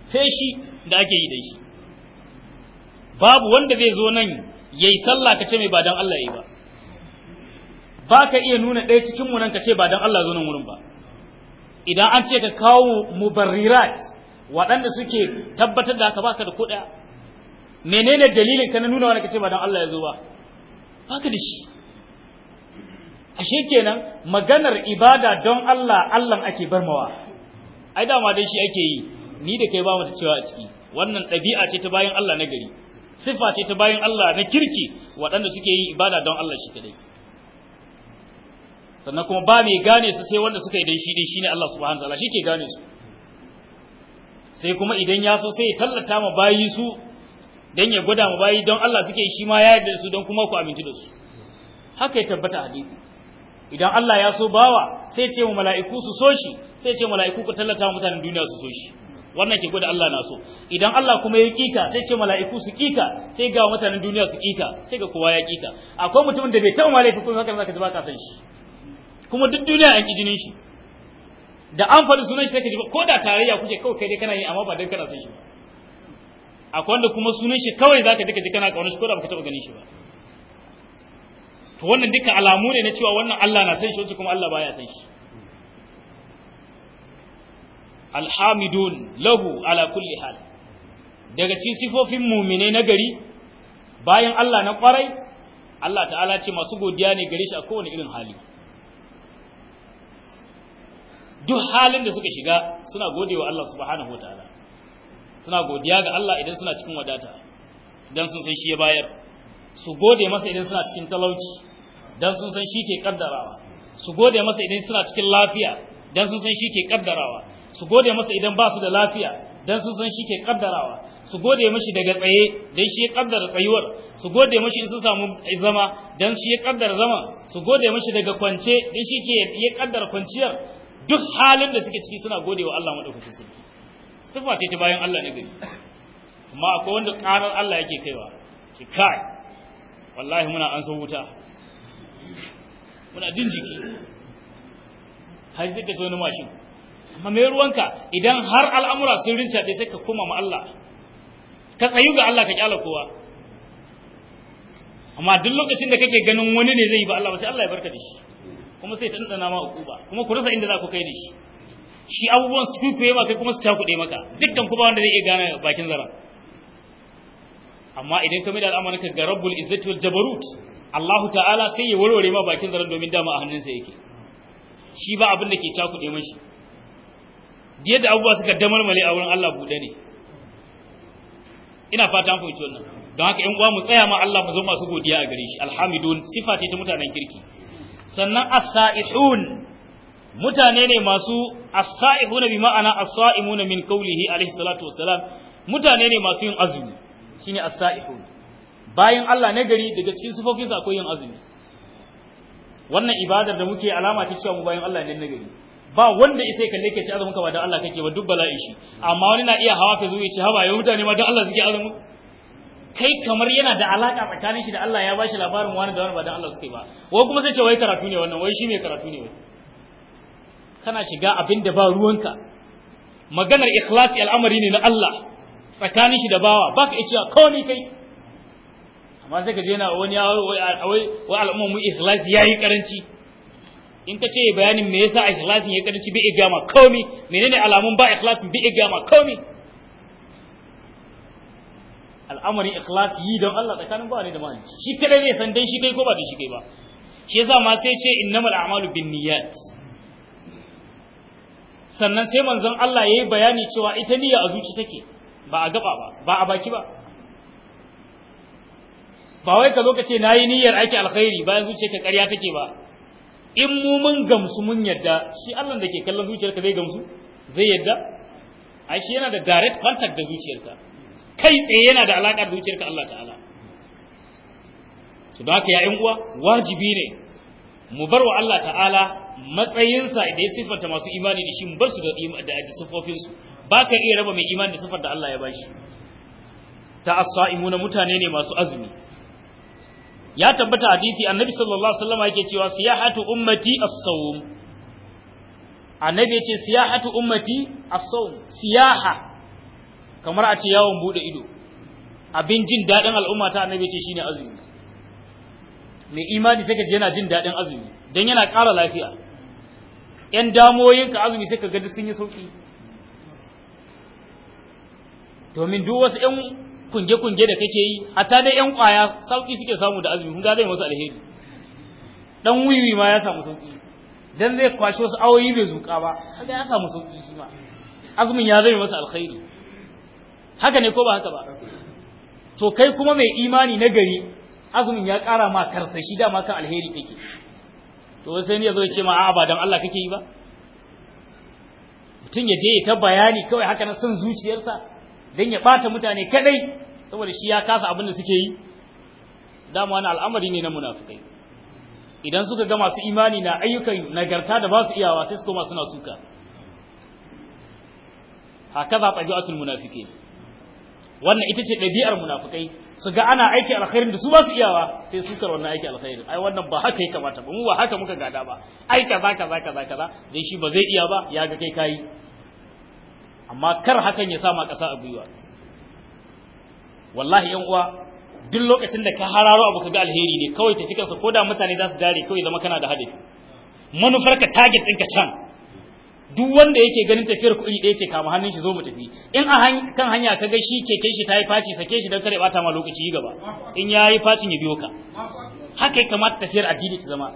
sai shi da ake yi da shi babu wanda zai zo nan yayi sallah ka ce mai ba don Allah yi ba ba ka iya nuna ɗaya cikin mu nan ka ce ba don Allah zo nan wurin ba idan an ce ka kawo mubarrirat waɗanda suke tabbatar da haka baka da kuɗa menene dalilin ka na nuna wani ka ce ba don Allah ya zo ba baka da shi ashe kenan maganar ibada don Allah Allah ake barmawa ai dama dai shi ake yi ni da kai ba mu cewa a ciki wannan ɗabi'a ce ta bayan Allah na gari sifa ce ta bayan Allah na kirki waɗanda suke yi ibada don Allah shi kadai sannan kuma ba mai gane su sai wanda suka yi dan shi dai shine Allah subhanahu wataala shi ke gane su sai kuma idan ya so sai ya tallata ma bayi su dan ya gwada ma bayi don Allah suke yi shi ma ya yarda su don kuma ku aminci da su haka ya tabbata hadisi idan Allah ya so bawa sai ce mu mala'iku su so shi sai ce mala'iku ku tallata mutanen duniya su so shi wannan ke gwada Allah na so idan Allah kuma ya kika sai ce mala'iku su kika sai ga mutanen duniya su kika sai ga kowa ya kika akwai mutumin da bai taɓa mala'iku kuma haka zaka ji ba ka san shi kuma duk duniya an jinin shi da an faɗi sunan shi sai ka ji ko da tarayya kuke kawai kai dai kana yi amma ba dan kana san shi ba akwai wanda kuma sunan shi kawai zaka ji ka ji kana kaunar shi ko da baka taɓa ganin shi ba to wannan duka alamu ne na cewa wannan Allah na san shi wacce kuma Allah baya san shi alhamidun lahu ala kulli hal daga cikin sifofin mu'mine na gari bayan Allah na kwarai Allah ta'ala ce masu godiya ne gare shi a kowane irin hali duk halin da suka shiga suna godewa Allah subhanahu wataala suna godiya ga Allah idan suna cikin wadata idan sun san shi ya bayar su gode masa idan suna cikin talauci dan sun san shi ke kaddarawa su gode masa idan suna cikin lafiya dan sun san shi ke kaddarawa su gode masa idan ba su da lafiya dan sun san shi ke kaddarawa su gode mashi daga tsaye dan shi ya kaddara tsayuwar su gode mashi in sun samu zama dan shi ya kaddara zama su gode mashi daga kwance dan shi ke ya kaddara kwanciyar duk halin da suke ciki suna gode wa Allah madaukakin sarki sifa ce ta bayan Allah na gari amma akwai wanda karar Allah yake kaiwa ki kai wallahi muna an so wuta muna jin jiki har zai ka ce wani mashin amma mai ruwanka idan har al'amura sun rinca da sai ka koma ma Allah ka tsayu ga Allah ka kyala kowa amma duk lokacin da kake ganin wani ne zai yi ba Allah ba sai Allah ya barka da shi kuma sai ta ɗanɗana ma uku ba kuma ku rasa inda za ku kai da shi shi abubuwan su kuikuye ba kuma su cakuɗe maka dukkan kuma wanda zai iya gane bakin zara amma idan ka maida al'amarinka ga rabbul izzati wal jabarut Allah ta'ala sai ya warware ma bakin zaran domin dama a hannunsa yake shi ba abin da ke cakuɗe mashi diya da abubuwa suka damarmale a wurin Allah buɗe ne ina fata an fahimci wannan don haka ƴan uwa mu tsaya ma Allah mu zama masu godiya a gare shi alhamidun sifa ce ta mutanen kirki sannan as-sa'ihun mutane ne masu as-sa'ihuna bi ma'ana as-sa'imuna min qawlihi alayhi salatu wassalam mutane ne masu yin azumi shine as-sa'ihun bayan Allah na gari daga cikin sifofinsa akwai yin azumi wannan ibadar da muke alama ta cewa mu bayan Allah ne na gari ba wanda isai kalle ke ci azumin ka ba da Allah kake ba duk bala'i shi amma wani na iya hawa ka zuwa ci haba ya mutane ma da Allah suke azumin kai kamar yana da alaka tsakanin shi da Allah ya bashi labarin wani da wani ba dan Allah suke ba wai kuma sai ce wai karatu ne wannan wai shi mai karatu ne wai kana shiga abin da ba ruwanka maganar ikhlasi al'amari ne na Allah tsakanin shi da bawa ka iya cewa kawai kai amma sai ka je na wani wai al'ummar mu ikhlasi yayi karanci in ka ce bayanin me yasa ikhlasin ya karanci bi ma igama ni? menene alamun ba ikhlasin bi ma igama ni? al'amarin ikhlasi yi don Allah tsakanin bawa ne da malici shi kadai ne san dan shi kai ko ba da shi kai ba shi yasa ma sai ce innamal a'malu binniyat sannan sai manzon Allah yayi bayani cewa ita niyya a zuci take ba a gaba ba ba a baki ba ba wai ka zo ka ce nayi niyyar aiki alkhairi bayan zuciyar ka ƙarya take ba in mu mun gamsu mun yadda shi Allah da ke kallon zuciyar ka zai gamsu zai yadda ai shi yana da direct contact da zuciyar ka. kai tsaye yana da alaka da zuciyar ka Allah ta'ala su da ka ya uwa wajibi ne mu bar wa Allah ta'ala matsayinsa idan ya siffanta masu imani da shi mu bar su da da aji siffofinsu baka iya raba mai imani da sifar da Allah ya bashi ta as-sa'imuna mutane ne masu azumi ya tabbata hadisi annabi sallallahu alaihi wasallam yake cewa siyahatu ummati as-sawm annabi yace siyahatu ummati as-sawm siyaha kamar a ce yawon bude ido abin jin dadin al'umma ta annabi yace shine azumi mai imani sai ka ji yana jin dadin azumi dan yana ƙara lafiya yan damoyinka azumi sai ka ga sun yi sauki domin duk wasu ƴan kunge-kunge da kake yi hatta da ƴan ƙwaya sauki suke samu da azumi kun ga zai masu alheri dan wiwi ma ya samu sauki dan zai kwashe wasu awoyi bai zuƙa ba kaga ya samu sauki shi ma azumin ya zai masa alheri haka ne ko ba haka ba to kai kuma mai imani na gari azumin ya ƙara ma karsashi dama kan alheri kake to sai ne zo ya ce ma a'a ba dan Allah kake yi ba mutum ya je ya ta bayani kawai haka na son zuciyarsa dan ya bata mutane kadai saboda shi ya kasa abin da suke yi dama wani al'amari ne na munafikai idan suka ga masu imani na ayyukan nagarta da ba su iyawa sai su koma suna suka haka za ɗabi'atul munafiki wannan ita ce ɗabi'ar munafikai su ga ana aiki alkhairin da su ba su iyawa sai sukar wannan aiki alkhairin ai wannan ba haka ya kamata ba mu ba haka muka gada ba ai kaza kaza kaza kaza dai shi ba zai iya ba ya ga kai kayi amma kar hakan ya sama ƙasa a gwiwa wallahi yan uwa duk lokacin da ka hararo abu ka ga alheri ne kawai tafi kansa ko da mutane za su dare kawai zama kana da hadari manufar ka target ɗinka can duk wanda yake ganin tafiyar kuɗi daya ɗaya ce kama hannun shi zo mu tafi in a kan hanya ka ga shi keke shi ta yi faci sake shi don kare bata ma lokaci yi gaba in ya yi facin ya biyo ka haka ya kamata tafiyar addini ta zama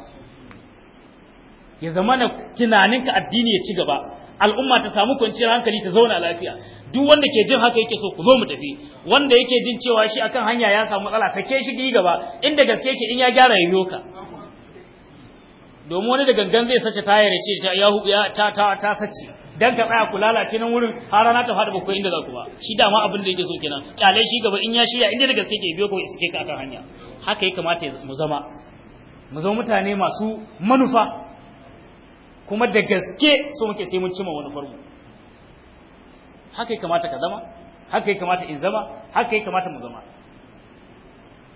ya zama na tunaninka addini ya ci gaba al'umma ta samu kwanciyar hankali ta zauna lafiya duk wanda ke jin haka yake so ku zo mu tafi wanda yake jin cewa shi akan hanya ya samu matsala sake shi gi gaba inda gaske yake in ya gyara ya biyo ka domin wani da gangan zai sace tayar ya ce ya ta ta ta sace dan ka tsaya ku lalace nan wurin har rana ta faɗi bakwai inda za ku ba shi dama abin da yake so kenan kyale shi gaba in ya shirya inda da gaske ke biyo ka suke ka akan hanya haka ya kamata mu zama mu zama mutane masu manufa kuma da gaske so muke sai mun cima wani farko haka kamata ka zama haka kamata in zama haka kamata mu zama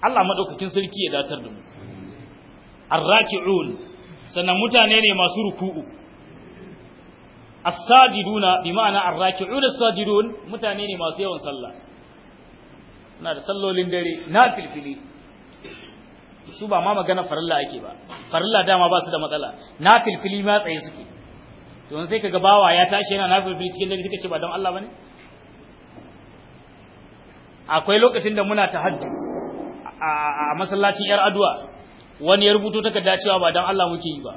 Allah madaukakin sarki ya datar da mu arraki'un sanan mutane ne masu ruku'u as-sajiduna bi ma'ana arraki'un as-sajidun mutane ne masu yawan sallah suna da sallolin dare na filfili su ba ma magana farilla ake ba farilla dama ba su da matsala na filfili ma tsaye suke to sai kaga bawa ya tashi yana na filfili cikin dare kika ce ba don Allah bane akwai lokacin da muna tahajjud a masallacin yar addu'a wani ya rubuto takarda cewa ba don Allah muke yi ba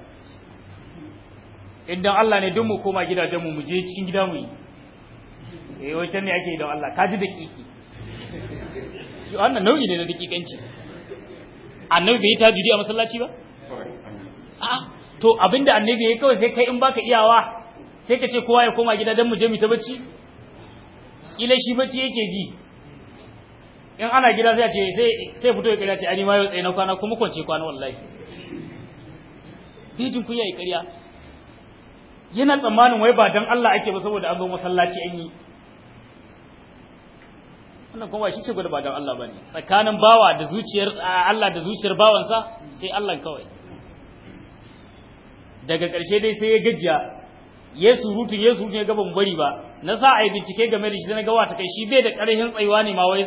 idan Allah ne don mu koma gidajen mu mu je cikin gida mu yi eh wacce ne ake yi don Allah kaji da kiki wannan nau'i ne na dakikanci annabi bai yi tajudi a masallaci ba to abinda annabi ya kawai sai kai in baka iyawa sai ka ce kowa ya koma gida don mu je mu ta bacci kila shi bacci yake ji in ana gida sai ce sai fito ya karya ce an yi mayo tsaye na kwana kuma kwance kwana wallahi jin kunya ya karya yana tsammanin wai ba don Allah ake ba saboda an masallaci an yi wannan kuma shi ce gudu ba dan Allah ne tsakanin bawa da zuciyar Allah da zuciyar bawansa sai Allah kawai daga ƙarshe dai sai ya gajiya ya surutu ya surutu ya gaban bari ba na sa a yi bincike game da shi na gawa ta kai shi bai da ƙarfin tsayuwa ne ma wai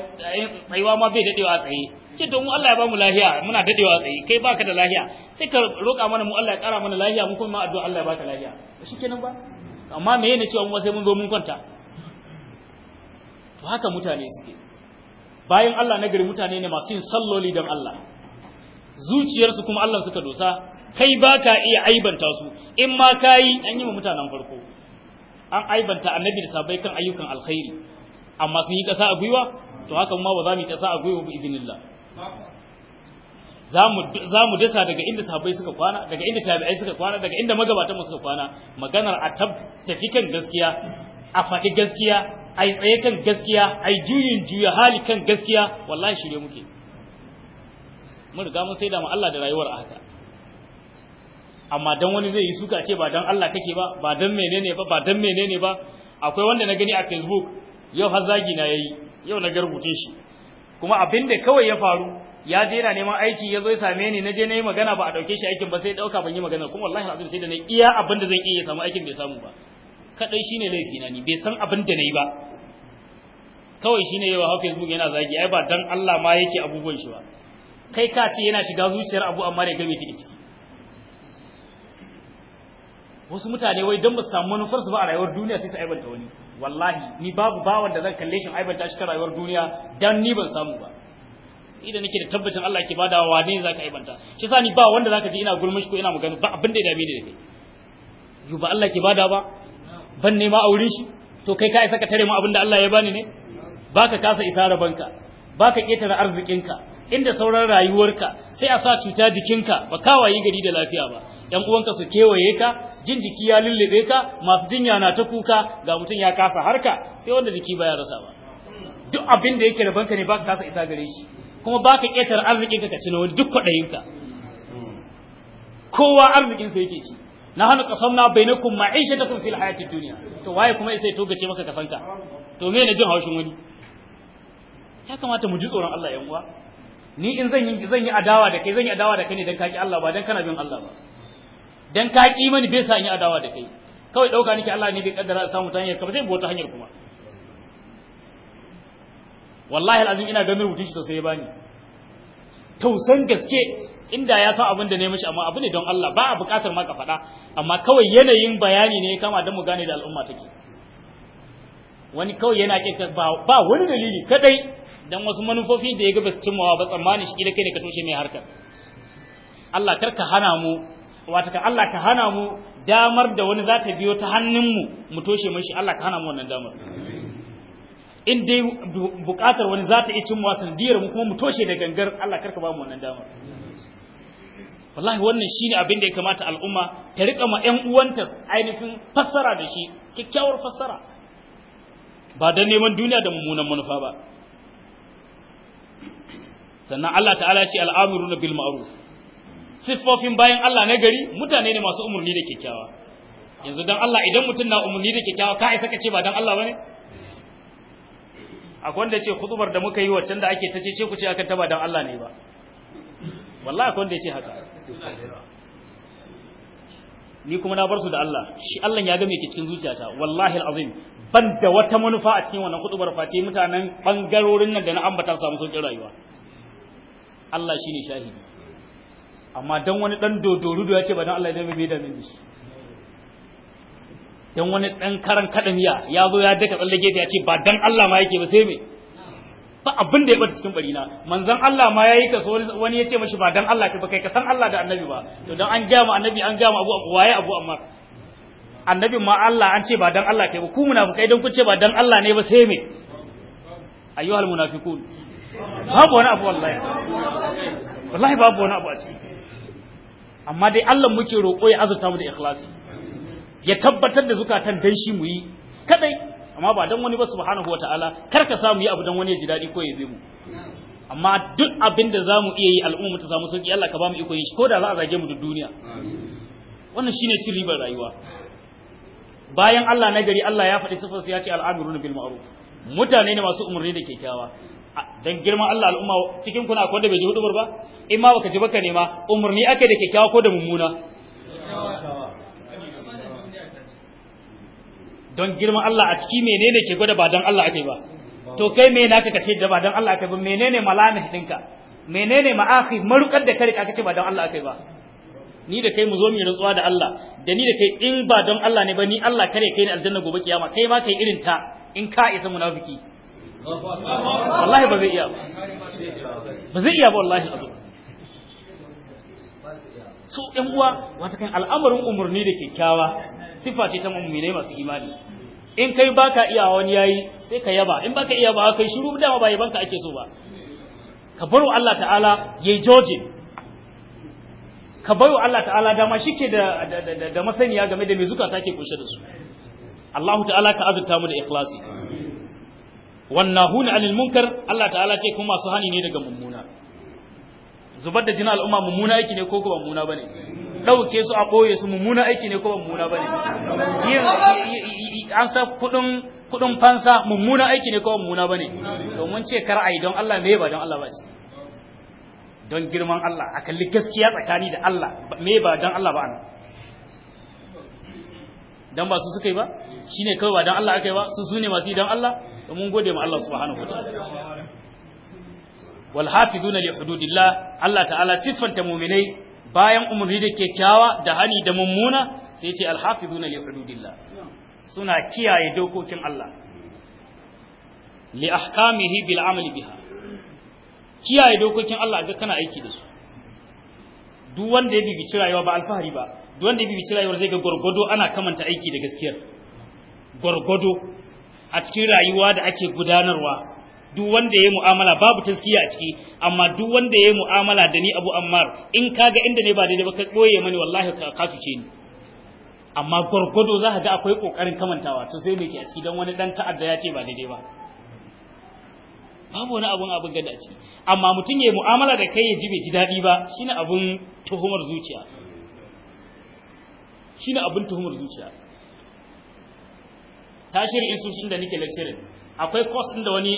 tsayuwa ma bai daɗewa tsaye ce don Allah ya ba mu lahiya muna daɗewa tsaye kai baka da lahiya sai ka roƙa mana mu Allah ya ƙara mana lahiya mu kuma addu'a Allah ya baka lahiya shikenan ba amma me ne cewa mu sai mun zo mun kwanta to haka mutane suke bayan Allah na gari mutane ne masu yin salloli don Allah zuciyarsu kuma Allah suka dosa kai ba ka iya aibanta su in ma ka yi an yi mutanen farko an aibanta annabi da sabai kan ayyukan alkhairi amma sun yi ƙasa a gwiwa to haka ma ba za mu yi ƙasa a gwiwa bi idinillah za mu dasa daga inda sabai suka kwana daga inda tabi'ai suka kwana daga inda magabatan mu suka kwana maganar a tafi kan gaskiya a faɗi gaskiya ai tsaye kan gaskiya ai juyin juya hali kan gaskiya wallahi shirye muke mun riga mun saida mu Allah da rayuwar a haka amma dan wani zai yi suka ce ba dan Allah kake ba ba dan menene ba ba dan menene ba akwai wanda na gani a Facebook yau har zagi na yayi yau na garbuce shi kuma abin da kawai ya faru ya je yana neman aiki ya zo ya same ni na je na yi magana ba a dauke shi aikin ba sai dauka ban yi magana kuma wallahi azim sai da na iya abin da zan iya samu aikin bai samu ba kadai shine laifi na ni bai san abin da nayi ba kawai shine yawa ha Facebook yana zagi ai ba dan Allah ma yake abubuwan shi ba kai ka ce yana shiga zuciyar abu amma ne game take ciki wasu mutane wai dan ba su samu manufar su ba a rayuwar duniya sai su aibanta wani wallahi ni babu ba da zan kalle shi aibanta shi kan rayuwar duniya dan ni ban samu ba idan nake da tabbacin Allah ke bada wa ne zaka aibanta shi yasa ni ba wanda zaka ji ina gulmishi ko ina magana ba abin da ya dame ni da kai yuba ba Allah ke bada ba ban nema auren shi to kai ka isa ka tare mu abin Allah ya bani ne baka kasa isa rabanka baka arzikin arzikinka inda sauran rayuwarka sai a sa cuta jikinka ba kawaye gari da lafiya ba Ƴan uwanka su kewaye ka jin jiki ya lullube ka masu jinya na ta kuka ga mutum ya kasa harka sai wanda jiki baya rasa ba duk abin da yake rabanka ne baka kasa isa gare shi kuma baka ketare arzikinka ka ci na wani duk kwaɗayinka kowa arzikinsa yake ci nahnu qasamna bainakum ma'ishatakum fil hayatid dunya to waye kuma sai to gace maka kafanka to me ne jin haushin wani ya kamata mu ji tsoron Allah yan uwa ni in zan yi zan yi adawa da kai zan yi adawa da kai ne dan kaki Allah ba dan kana bin Allah ba dan kaki mani bai sa in yi adawa da kai kawai dauka nake Allah ne bai kaddara samu ta hanyar ka ba sai bota hanyar kuma wallahi alazim ina ganin rubutun shi sosai ya bani tausan gaske inda ya san abin da ne mishi amma abu ne don Allah ba a buƙatar maka faɗa amma kawai yanayin bayani ne kama don mu gane da al'umma take wani kawai yana kika ba wani dalili kadai dan wasu manufofi da ya ga ba su cimmawa ba tsammani shi da kai ne ka toshe mai harkar Allah kar ka hana mu wato ka Allah ka hana mu damar da wani za ta biyo ta hannun mu mu toshe mun shi Allah ka hana mu wannan damar in dai bukatar wani za ta iya cimma sanadiyar mu kuma mu toshe da gangar Allah karka ba mu wannan damar wallahi wannan shine abin da ya kamata al'umma ta rika ma ƴan uwanta ainihin fassara da shi kyakkyawar fassara ba dan neman duniya da mummunan manufa ba sannan Allah ta'ala ce al'amuruna bil ma'ruf sifofin bayan Allah na gari mutane ne masu umurni da kyakkyawa yanzu dan Allah idan mutum na umurni da kyakkyawa ka aika ce ba dan Allah bane akwai wanda ce khutubar da muka yi waccan da ake ta ce ku ce akan ta ba dan Allah ne ba wallahi akwai wanda ya ce haka ni kuma na bar su da Allah shi Allah ya ga me ke cikin zuciyata wallahi alazim ban da wata manufa a cikin wannan hudubar face mutanen bangarorin nan da na ambata samu saukin rayuwa Allah shine shahidi amma dan wani dan dodoru da yace ba dan Allah ya bai da min dan wani dan karan kadamiya ya zo ya daka tsalle gefe ya ce ba dan Allah ma yake ba sai me ba abin da ya bata cikin barina manzon Allah ma yayi ka so wani ya ce mashi ba dan Allah kai ba kai ka san Allah da annabi ba to dan an gama annabi an gama abu waye abu amma annabi ma Allah an ce ba dan Allah kai ba ku munafikai dan kun ce ba dan Allah ne ba sai me ayyuhal munafiqun babu wani abu wallahi wallahi babu wani abu a ciki amma dai Allah muke roƙo ya azurta mu da ikhlasi ya tabbatar da zukatan dan shi mu yi kadai amma ba dan wani ba subhanahu ta'ala kar ka samu yi abu dan wani ya ji dadi ko ya bi mu amma duk abin da zamu iya yi al'umma ta samu sauki Allah ka ba mu iko yin shi ko da za a zage mu duka duniya wannan shine cin ribar rayuwa bayan Allah na gari Allah ya faɗi sifarsa ya ce al'amiruna bil ma'ruf mutane ne masu umarni da kyakkyawa dan girman Allah al'umma cikin kuna akwai wanda bai ji hudubar ba in ma baka ji baka nema umarni ake da kyakkyawa ko da mummuna don girman Allah a ciki menene ke gwada ba don Allah akai ba to kai me naka ce da ba don Allah akai ba menene malamih dinka menene ma'akhi marukar da kare ce ba don Allah akai ba ni da kai mu zo mu rantsuwa da Allah da ni da kai in ba don Allah ne ba ni Allah kare kai ni aljanna gobe kiyama kai ma kai irin ta in ka isa munafiki wallahi ba zai iya ba zai iya ba wallahi azum so ɗan uwa wata kan al'amarin umarni da kyakkyawa sifa ce ta mu'minai masu imani in kai baka iya wani yayi sai ka yaba in baka iya ba kai shiru dama ba banka ake so ba ka baro Allah ta'ala yayi jojin ka baro Allah ta'ala dama shike da da masaniya game da me zukata ke kunshe da su Allah ta'ala ka azurta mu da ikhlasi wannahuna anil munkar Allah ta'ala ce kuma su hani ne daga mummuna zubar da jinin al'umma mummuna yake ne ko kuma mummuna bane ɗauke su a ɓoye su mummuna aiki ne ko mummuna ba ne yin an sa kuɗin kuɗin fansa mummuna aiki ne ko mummuna ba ne domin ce kar ai don Allah me ba don Allah ba ce don girman Allah a kalli gaskiya tsakani da Allah me ba don Allah ba ana dan ba su suka yi ba shine kawai ba don Allah aka yi ba su sune masu yi don Allah mun gode ma Allah subhanahu wataala wal hafiduna li hududillah Allah ta'ala siffanta mu'minai bayan umarni da kyakkyawa da hani da mummuna sai ce alhafizuna li hududillah suna kiyaye dokokin Allah li ahkamihi bil amali biha kiyaye dokokin Allah ga kana aiki da su duk wanda ya bibi rayuwa ba alfahari ba duk wanda ya bibi cirayewa zai ga gurgudo ana kamanta aiki da gaskiya. gurgudo a cikin rayuwa da ake gudanarwa duk wanda ya mu'amala babu taskiya a ciki amma duk wanda ya mu'amala da ni Abu Ammar in kaga inda ne ba daidai ba ka boye mani wallahi ka ce ni amma gwargwado za ka ga akwai kokarin kamantawa to sai me ke a ciki dan wani dan ta'adda ya ce ba daidai ba babu wani abun abin gada a ciki amma mutum ya mu'amala da kai ya ji bai ji daɗi ba shine abun tuhumar zuciya shine abun tuhumar zuciya tashir isushin da nake lecturing akwai course din da wani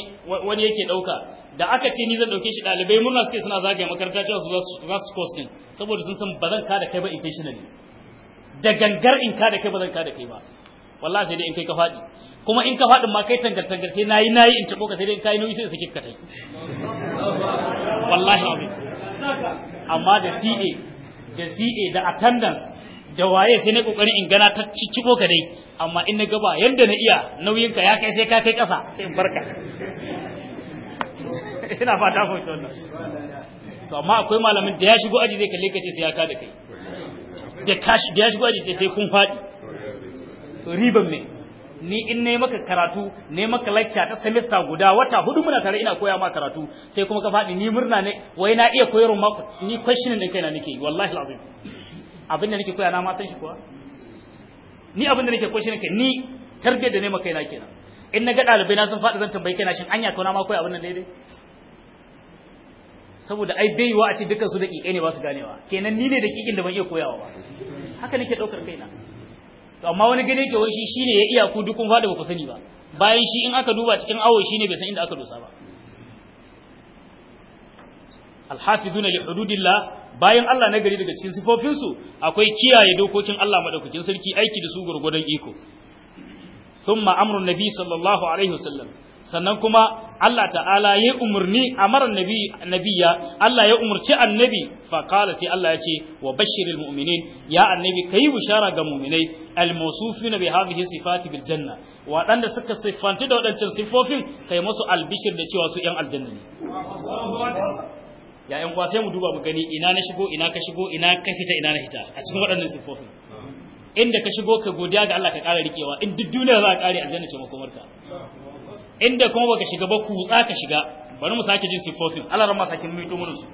wani yake dauka da aka ce ni zan dauke shi dalibai murna suke suna zagaye makaranta cewa su za su course din saboda sun san ba zan ka da kai ba intentionally da gangar in ka da kai ba zan ka da kai ba wallahi sai dai in kai ka fadi kuma in ka fadin ma kai tangar tangar sai nayi nayi in tabo ka sai dai in kai nauyi sai sake ka tai wallahi amma da CA da CA da attendance da waye sai na kokari in gana ta ciccibo boka dai amma in na gaba yanda na iya nauyin ka ya kai sai ka kai kasa sai in barka ina fata ko shi wannan to amma akwai malamin da ya shigo aji zai kalle ka ce sai ya ka da kai da kashi da ya shigo aji sai kun fadi to riban me ni in nayi maka karatu nayi maka lecture ta semester guda wata hudu muna tare ina koya maka karatu sai kuma ka fadi ni murna ne wai na iya koyarwa maka ni questioning din kaina nake wallahi alazim abin da nake koya na ma san shi kuwa ni abin da nake koyi shine ni tarbiyar da ne maka kaina kenan in naga dalibai na sun faɗi zan tambayi kaina shin anya ko na ma koyi abin nan daidai saboda ai bai wa a ce dukkan su da kike ne ba su ganewa kenan ni ne da kikin da ban iya koyawa ba haka nake daukar kaina to amma wani gane yake wani shi shine ya iya ku dukun faɗi ba ku sani ba bayan shi in aka duba cikin awo shine bai san inda aka dosa ba alhafizuna li hududillah bayan Allah na gari daga cikin sifofinsu akwai kiyaye dokokin Allah madaukakin sarki aiki da su gurgurdan iko thumma amru nabi sallallahu alaihi wasallam sannan kuma Allah ta'ala ya umurni amara nabi nabiya Allah ya umurci annabi fa qala sai Allah ya ce wa bashiril mu'minin ya annabi kai bishara ga mu'minai al mawsufina bi hadhihi sifati bil janna wadanda suka sifanti da wadancan sifofin kai musu albishir da cewa su yan aljanna ya yan kwa sai mu duba mu gani ina na shigo ina ka shigo ina ka fita ina na fita a cikin waɗannan sifofin inda ka shigo ka godiya ga Allah ka ƙara riƙewa in duk duniya za ka ƙare aljanna ce ka inda kuma baka shiga ba ku za ka shiga bari mu sake jin sifofin Allah ran ma sake mito mun su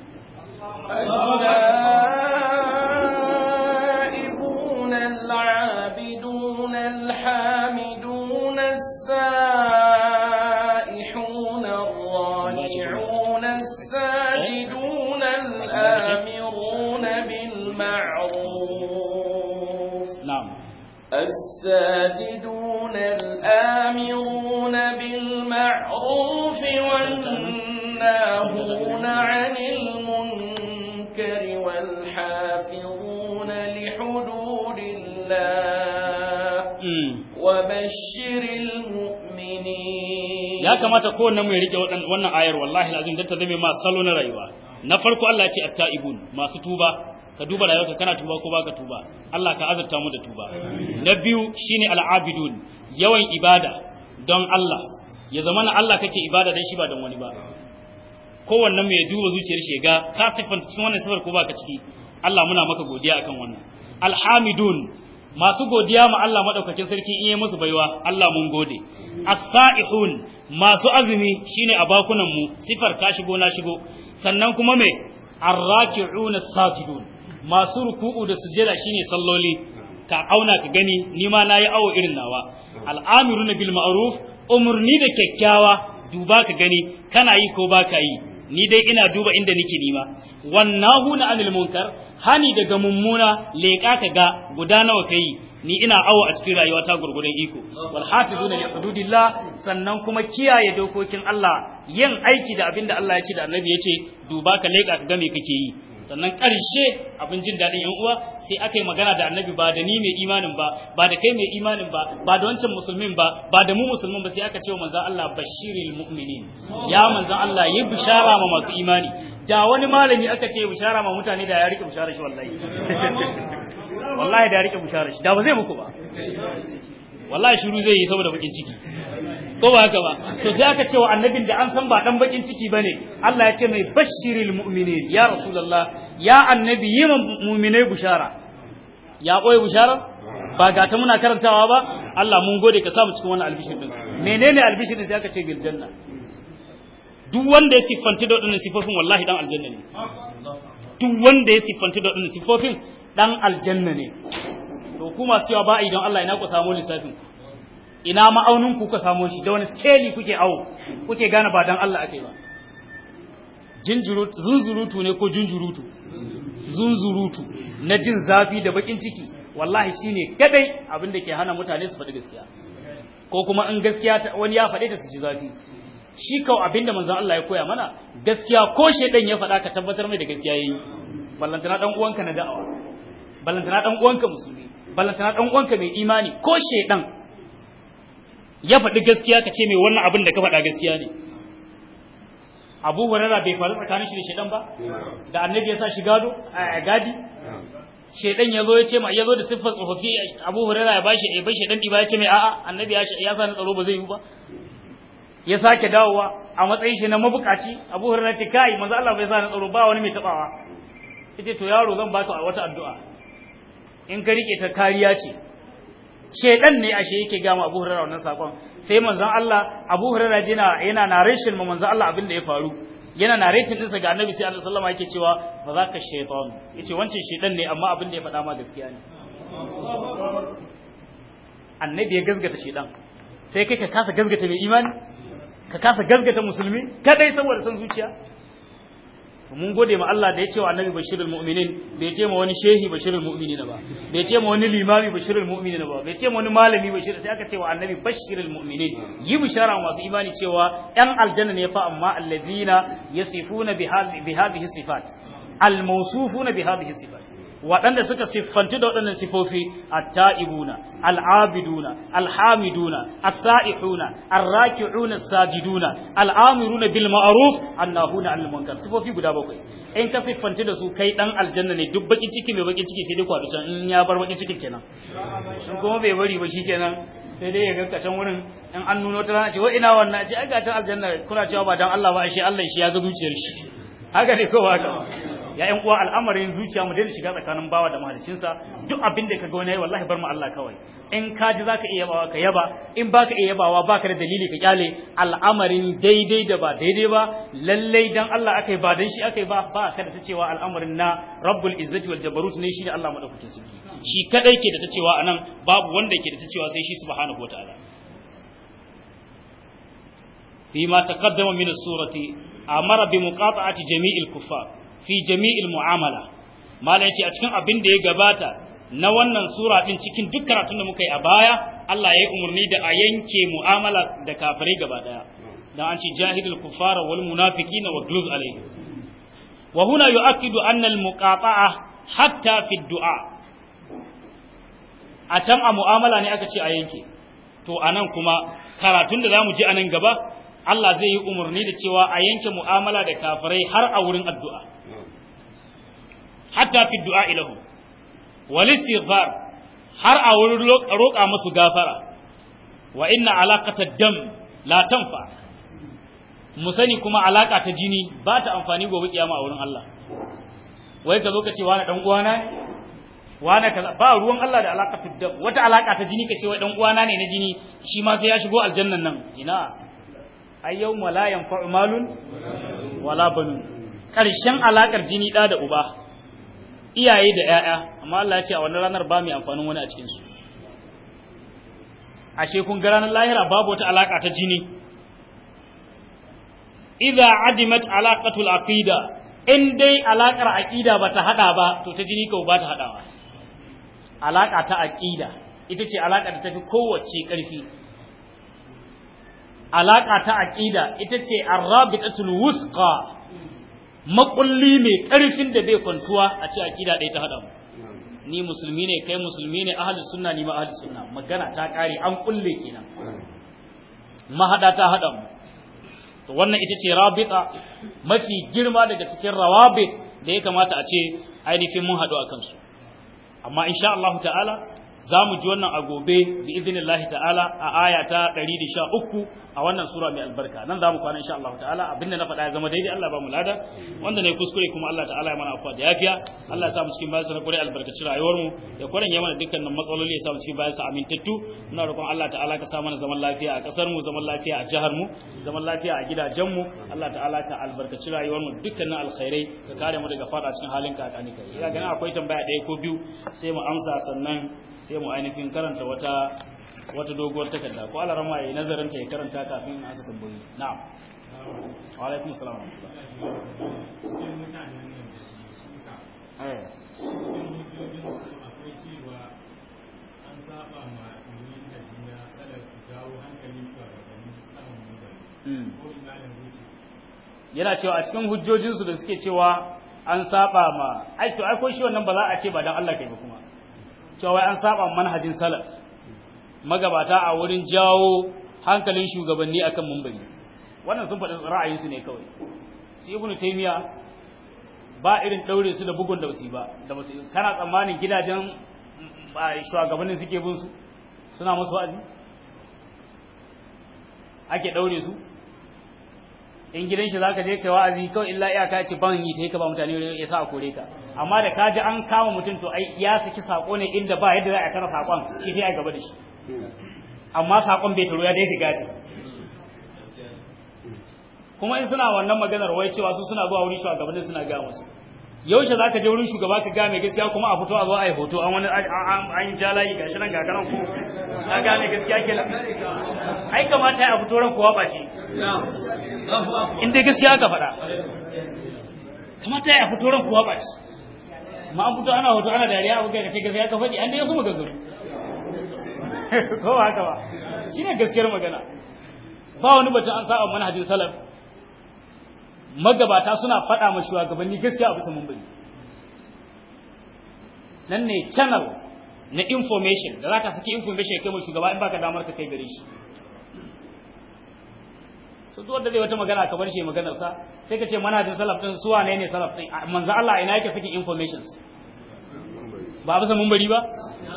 الساجدون الآمرون بالمعروف والناهون عن المنكر والحافظون لحدود الله وبشر المؤمنين يا كما تقول نمو يريك وانا آير والله لازم دلت ذمي ما صلونا رأيوا نفرق الله يأتي التائبون ما ستوبة ka duba rayuwarka kana tuba ko baka tuba Allah ka azurta mu da tuba na biyu shine al'abidun yawan ibada don Allah ya zama na Allah kake ibada dan shi ba don wani ba kowannen mai duba zuciyar shi ga ka sifanta cikin wannan sifar ko baka ciki Allah muna maka godiya akan wannan alhamidun masu godiya ma Allah madaukakin sarki in yi musu baiwa Allah mun gode as-saihun masu azumi shine a mu sifar ka shigo na shigo sannan kuma me arraki'un as-sajidun masu ruku'u da sujjada shine salloli ka auna ka gani ni ma nayi awo irin nawa na bil ma'ruf umurni da kyakkyawa duba ka gani kana yi ko baka yi ni dai ina duba inda nake nima na anil munkar hani daga mummuna leƙa ka ga guda nawa kai ni ina awo a cikin ta gurgurun iko wal hafizuna li hududillah sannan kuma kiyaye dokokin Allah yin aiki da abinda Allah ya ce da Annabi ya ce duba ka leka ka ga me kake yi sannan ƙarshe abin jin daɗin yan uwa sai aka yi magana da annabi ba da ni mai imanin ba ba da kai mai imanin ba ba da wancan musulmin ba ba da mu musulmin ba sai aka ce wa manzon Allah bashiril mu'minin ya manzon Allah yi bishara ma masu imani da wani malami aka ce bishara ma mutane da ya rike bishara shi wallahi wallahi da ya rike bishara shi da ba zai muku ba wallahi shiru zai yi saboda bakin ciki ko ba haka ba to sai aka cewa annabin da an san ba dan bakin ciki bane Allah ya ce mai bashiril mu'minin ya rasulullah ya annabi yi mu'minai bushara ya koyi bushara ba ga ta muna karantawa ba Allah mun gode ka samu cikin wannan albishir din menene albishir din sai aka ce bil janna duk wanda ya siffanci da wannan sifofin wallahi dan aljanna ne duk wanda ya siffanci da wannan sifofin dan aljanna ne to ku masu ba idan don Allah ina ku samu lissafin ina ma'aunin ku ka samu shi da wani skeli kuke awo kuke gane ba dan Allah ake ba zunzurutu ne ko jinjurutu zunzurutu na jin zafi da bakin ciki wallahi shine kadai abin da ke hana mutane su faɗi gaskiya ko kuma in gaskiya wani ya faɗe ta su ji zafi shi kau abinda manzon Allah ya koya mana gaskiya ko shedan ya faɗa ka tabbatar mai da gaskiya yayi ballantana dan uwanka na da'awa ballantana dan uwanka musulmi ballantana dan uwanka mai imani ko shaiɗan. ya faɗi gaskiya ka ce mai wannan abin da ka faɗa gaskiya ne abu hurara bai faru tsakanin shi da shedan ba da annabi ya sa shi gado a gadi Shaiɗan ya zo ya ce ma ya zo da siffar tsofaffi abu hurara ya bashi ya bashi dan diba ya ce mai a'a annabi ya sa ni tsaro ba zai yi ba ya sake dawowa a matsayin shi na mabukaci abu hurara ce kai manzo Allah bai sa ni tsaro ba wani mai tabawa yace to yaro zan a wata addu'a in ka rike ta kariya ce shedan ne ashe yake ga mu Abu Hurairah wannan sakon sai manzon Allah Abu Hurairah yana yana narration ma manzon Allah abin da ya faru yana narration sa ga Annabi sai Allah sallama yake cewa fa zaka shaytan yace wancan shedan ne amma abin da ya faɗa ma gaskiya ne Annabi ya gazgata shedan sai kai ka kasa gazgata mai imani ka kasa gazgata musulmi kadai saboda san zuciya mun gode ma Allah da ya ce wa annabi bashirul mu'minin bai ce ma wani shehi bashirul mu'minin ba bai ce ma wani limami bashirul mu'minin ba bai ce ma wani malami bashir sai aka ce wa annabi bashirul mu'minin yi bishara masu imani cewa yan aljanna ne fa amma allazina yasifuna bi hadhihi sifat al mawsufuna bi sifat waɗanda suka siffanci da waɗannan sifofi at-ta'ibuna al-abiduna al-hamiduna as-sa'ihuna ar-raki'una as-sajiduna al-amiruna bil ma'ruf annahuna 'anil munkar sifofi guda bakwai in ka siffanci da su kai dan aljanna ne duk bakin ciki mai bakin ciki sai dai kwadu can in ya bar bakin ciki kenan in kuma bai bari ba shikenan sai dai ya ga kashan wurin in an nuno ta rana ce wa ina wannan ce ai ga can aljanna kuna cewa ba dan Allah ba shi Allah shi ya ga zuciyar shi haka ne ko haka ya yan uwa al'amarin zuciya mu daina shiga tsakanin bawa da mahaliccinsa duk abin da ga wani wallahi bar mu Allah kawai in ka ji zaka iya yabawa ka yaba in baka iya yabawa baka da dalili ka kyale al'amarin daidai da ba daidai ba lallai dan Allah akai ba dan shi akai ba ba ka da ta cewa al'amarin na Rabbul Izzati wal Jabarut ne shi ne Allah madaukakin sarki shi kadai ke da ta cewa anan babu wanda ke da ta cewa sai shi subhanahu wataala fima taqaddama min surati amara bi muqata'ati jami'il kuffar fi jami'il mu'amala mala yace a cikin abin da ya gabata na wannan sura din cikin duk karatun da muka yi a baya Allah ya yi umarni da a yanke mu'amala da kafirai gaba daya dan an ce jahidul kuffara wal munafiqina wa gluz alayhi wa huna yu'akkidu anna al muqata'a hatta fi du'a a can a mu'amala ne aka ce a yanke to anan kuma karatun da zamu ji anan gaba Allah zai yi umarni da cewa a yanke mu'amala da kafirai har a wurin addu'a hatta fi du'a ilahu walisti zar, har a wurin roƙa masu gafara wa alaƙa ta dam la tanfa mu sani kuma alaƙa ta jini ba ta amfani gobe kiyama a wurin Allah wai ka zo ka ce wani dan uwana ne wani ka ba ruwan Allah da alaƙa ta dam wata alaƙa ta jini ka ce wai dan uwana ne na jini shi ma sai ya shigo aljannan nan ina ai yau la malun wala banu karshen alaƙar jini ɗa da uba iyaye da 'ya'ya. amma Allah ya ce a wannan ranar ba mai amfanin wani a cikin su ashe kun ranar lahira babu wata alaƙa ta jini idza adimat alaqatul aqida in dai alaƙar aqida bata hada ba to ta jini ko ba ta hadawa Alaƙa ta aqida ita ce alaƙa da ta fi kowace ƙarfi. Alaƙa ta aƙida ita ce arrabitatul wusqa makulli mai karfin da bai kwantuwa a ce aqida ɗaya ta hada mu ni musulmi ne kai musulmi ne ahlus sunna ni ma ahlus sunna magana ta kare an kulle kenan mahada ta hada mu to wannan ita ce rabita mafi girma daga cikin rawabit da ya kamata a ce ainihin mun hadu akan su amma insha Allah ta'ala za mu ji wannan a gobe bi idinillahi ta'ala a aya ta 113 a wannan sura mai albarka nan zamu kwana insha Allah ta'ala abinda na faɗa ya zama daidai Allah ba mu lada wanda ne kuskure kuma Allah ta'ala ya mana afuwa da yafiya Allah ya sa mu cikin bayansa na kure albarkaci rayuwar mu ya kwaran ya mana dukkanin matsaloli ya sa mu cikin bayansa amintattu ina roƙon Allah ta'ala ka sa mana zaman lafiya a ƙasar mu zaman lafiya a jihar mu zaman lafiya a gidajen mu Allah ta'ala ka albarkaci rayuwar mu dukkanin alkhairai ka kare mu daga fada cikin halin kakani kai ina ganin akwai tambaya ɗaya ko biyu sai mu amsa sannan sai mu ainihin karanta wata wata doguwar takarda ko Allah rama yayi nazarin ta ya karanta kafin a asa tambayoyi na'am wa alaikum salam eh. hmm. yana cewa a cikin hujjojinsu da suke cewa an saba ma aiki aiko shi wannan ba za a ce ba don Allah kai ba kuma cewa an saba ma manhajin salaf magabata a wurin jawo hankalin shugabanni akan mumbari wannan sun faɗi ra'ayinsu ne kawai su ibnu taymiya ba irin daure su da bugun da basu ba da basu kana tsammanin gidajen mm, mm, shugabannin suke bin su suna musu wa'azi ake daure su in gidan shi zaka je kai wa'azi kawai illa ka ci ban yi ta ka ba mutane ya sa a kore ka amma da kaji an kama mutum to ai ya saki sako ne inda ba yadda za a tara sakon shi sai a gaba da shi amma sakon bai taro ya dai shiga ce kuma in suna wannan maganar wai cewa su suna zuwa wurin shugabannin suna ga musu yaushe za ka je wurin shugaba ka game gaskiya kuma a fito a zo a yi hoto an wani an ja layi gashi nan ga karan ku ka game gaskiya ke ai kamata a fito ran kowa bace in dai gaskiya ka faɗa kamata a fito ran kowa bace ma an fito ana hoto ana dariya a kai ka ce gaskiya ka faɗi an dai su maganganu ko ba haka ba shi ne gaskiyar magana ba wani batun an saba manhajin salaf magabata suna faɗa ma shugabanni gaskiya a bisa mumbai nan ne channel na information da za ka saki information ya kai mai shugaba in baka damar ka kai gare shi so duk wanda zai wata magana ka bar shi maganar sa sai ka ce manhajin salaf din suwa ne ne salaf din manzo Allah ina yake sakin informations ba a bisa mumbari ba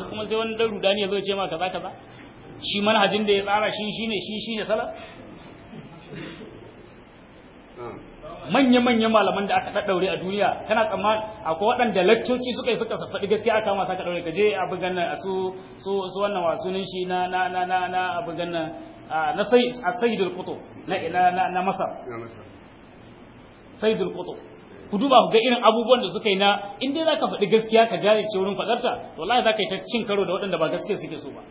kuma sai wani dan daniel zai ce ma kaza kaza shi manhajin da ya tsara shi ne shi ne sala. manya manya malaman da aka daddaure a duniya kana a akwai waɗanda laccoci suka yi suka faɗi gaskiya aka masa ka daure ka je a bugan nan su su wasu wannan wasunin shi na na na na na a bugan nan na sai a sayyidul qutub na na na masar sayyidul qutub ku duba ku ga irin abubuwan da suka yi na in dai zaka faɗi gaskiya ka ce wurin faɗarta to wallahi zaka yi ta cin karo da waɗanda ba gaskiya suke so ba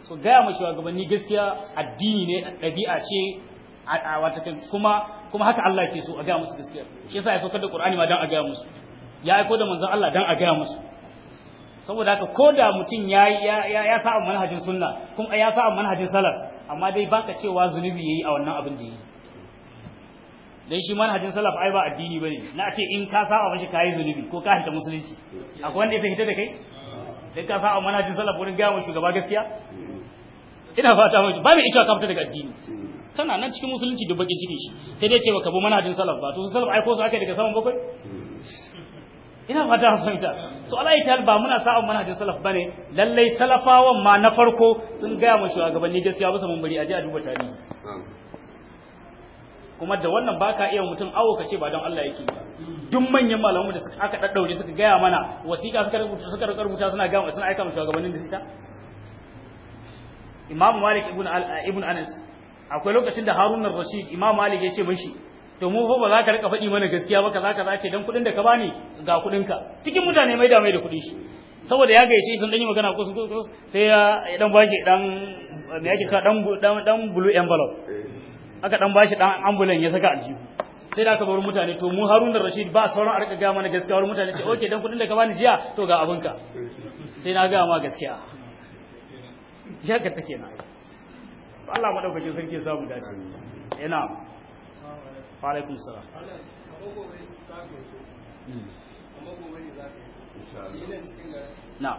so gaya mu gabanni gaskiya addini ne ɗabi'a ce a wata kuma kuma haka Allah ke so a gaya musu gaskiya shi yasa ya saukar da Qur'ani ma dan a gaya musu ya aiko da manzon Allah dan a gaya musu saboda haka ko da mutum ya ya sa manhajin sunna kuma ya sa manhajin salaf amma dai baka cewa zunubi yayi a wannan abin da yayi dan shi manhajin salaf ai ba addini bane na ce in ka saba mishi kai zulubi ko ka hita musulunci akwai wanda ya hita da kai dan ka saba manhajin salaf wurin ga mu shugaba gaskiya ina fata mu ba mai ita ka fita daga addini kana nan cikin musulunci da bakin cikin shi sai dai cewa ka bi manhajin salaf ba to salaf ai ko su akai daga saman bakwai ina fata mu fahimta so Allah ya ba muna sa'a manhajin salaf bane lallai salafawan ma na farko sun ga mu shugabanni gaskiya ba su mun bari a ji a duba tarihi kuma da wannan ba ka iya mutum awo ka ce ba don Allah yake ba duk manyan malamu da suka aka daddaure suka gaya mana wasiƙa suka rubuta suka rubuta suna ga suna aika musu shugabannin da ita Imam Malik ibn eh, ibn Anas akwai lokacin da Harun al rashid Imam Malik ya ce mishi to mu fa ba za ka rika faɗi mana gaskiya ba kaza kaza ce dan kuɗin da ka bani ga kuɗin ka cikin mutane mai da mai da kuɗi shi saboda ya gaishe sun dan yi magana ko sai ya dan baki dan me yake cewa dan dan blue envelope eh. aka dan bashi dan ambulan ya saka aljihu sai da aka bar mutane to mu Harun Rashid ba sauran a rika ga mana gaskiya wani mutane ce okay dan kudin da ka bani jiya to ga ka sai na ga ma gaskiya ya ka take na Allah madaukakin sarki ya samu dace ina eh, wa alaikum salam hmm. na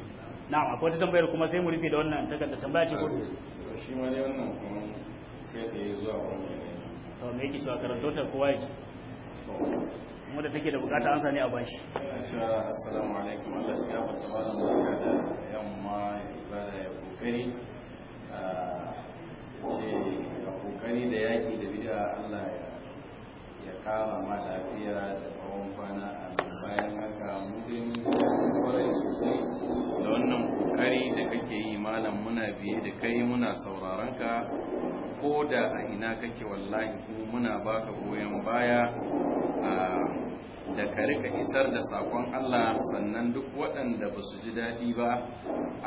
na'am akwai wata tambayar kuma sai mu rufe da wannan takarda tambaya ce ko shi ma dai wannan kuma sai da ya zuwa wannan to me yake cewa karanto ta kowa yake kuma da take da bukata an sani a bashi assalamu alaikum Allah shi ya fata malam barka da yamma ibada ya kokari ah, ce ya kokari da yaki da bid'a Allah ya kama ma lafiya da tsawon kwana a bayan haka mu dai kwarai sosai wannan kokari da kake yi malam muna biye da kai muna sauraron ka ko da a ina kake wallahi ko muna baka goyon baya da ka rika isar da sakon Allah sannan duk waɗanda ba su ji daɗi ba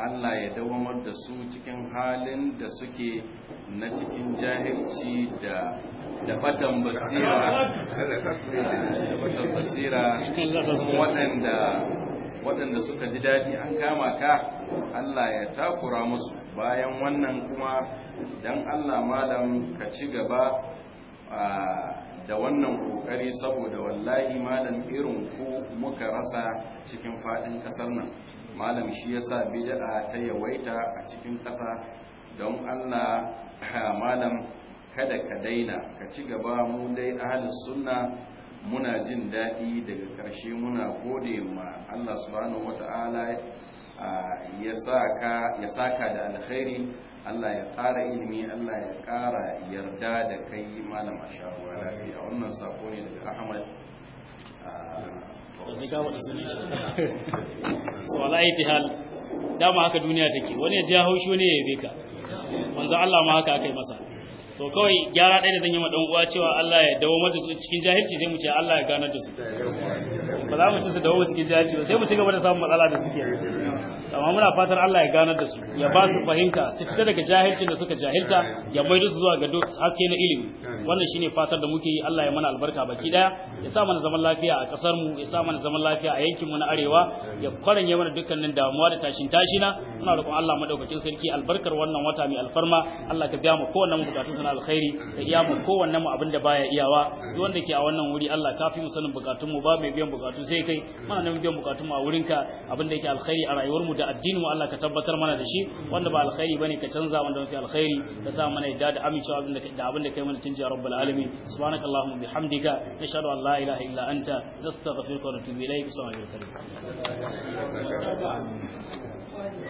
Allah ya dawamar da su cikin halin da suke na cikin jahilci da da batan basira da batan basira waɗanda waɗanda suka ji daɗi an kama ka Allah ya takura musu bayan wannan kuma don Allah malam ka ci gaba da wannan ƙoƙari saboda wallahi malam irin ku muka rasa cikin faɗin ƙasar nan malam shi ya yasa bid'a ta yawaita a cikin ƙasa, don Allah malam kada ka daina ka ci gaba mu dai ahlus sunna muna jin daɗi daga ƙarshe muna gode ma Allah subhanahu wata'ala ya saka da alkhairi Allah ya ƙara ilimi Allah ya ƙara yarda da kai malam asharuwa rafi a wannan sako ne daga Ahmad so ala itihal dama haka duniya take wani ya ji haushi ne ya yi ka Wanzu Allah ma haka aka yi masa so kawai gyara ɗaya da zan yi ma uwa cewa Allah ya dawo da su cikin jahilci sai mu ce Allah ya ganar da su ba za mu ce su dawo cikin jahilci sai mu ci gaba da samun matsala da suke amma muna fatar Allah ya ganar da su ya ba su fahimta su fita daga jahilcin da suka jahilta ya maido su zuwa ga haske na ilimi wannan shine fatar da muke yi Allah ya mana albarka baki daya ya sa mana zaman lafiya a kasar mu ya sa mana zaman lafiya a yankin mu na arewa ya kwaranye mana dukkanin damuwa da tashin na muna roƙon Allah madaukakin sarki albarkar wannan wata mai alfarma Allah ka biya mu kowanne mu bukatun sana alkhairi ka iya mu kowanne mu abin da baya iyawa duk wanda ke a wannan wuri Allah ka fi mu sanin bukatun mu ba mai biyan bukatu sai kai muna nan biyan bukatun mu a wurinka abin da yake alkhairi a rayuwar mu da da addinin mu Allah ka tabbatar mana da shi wanda ba alkhairi bane ka canza wanda mafi alkhairi ka sa mana yadda da amincewa abinda da da kai mana canji ya rabbul alamin subhanakallahumma bihamdika nashhadu an la ilaha illa anta nastaghfiruka wa natubu ilayk subhanaka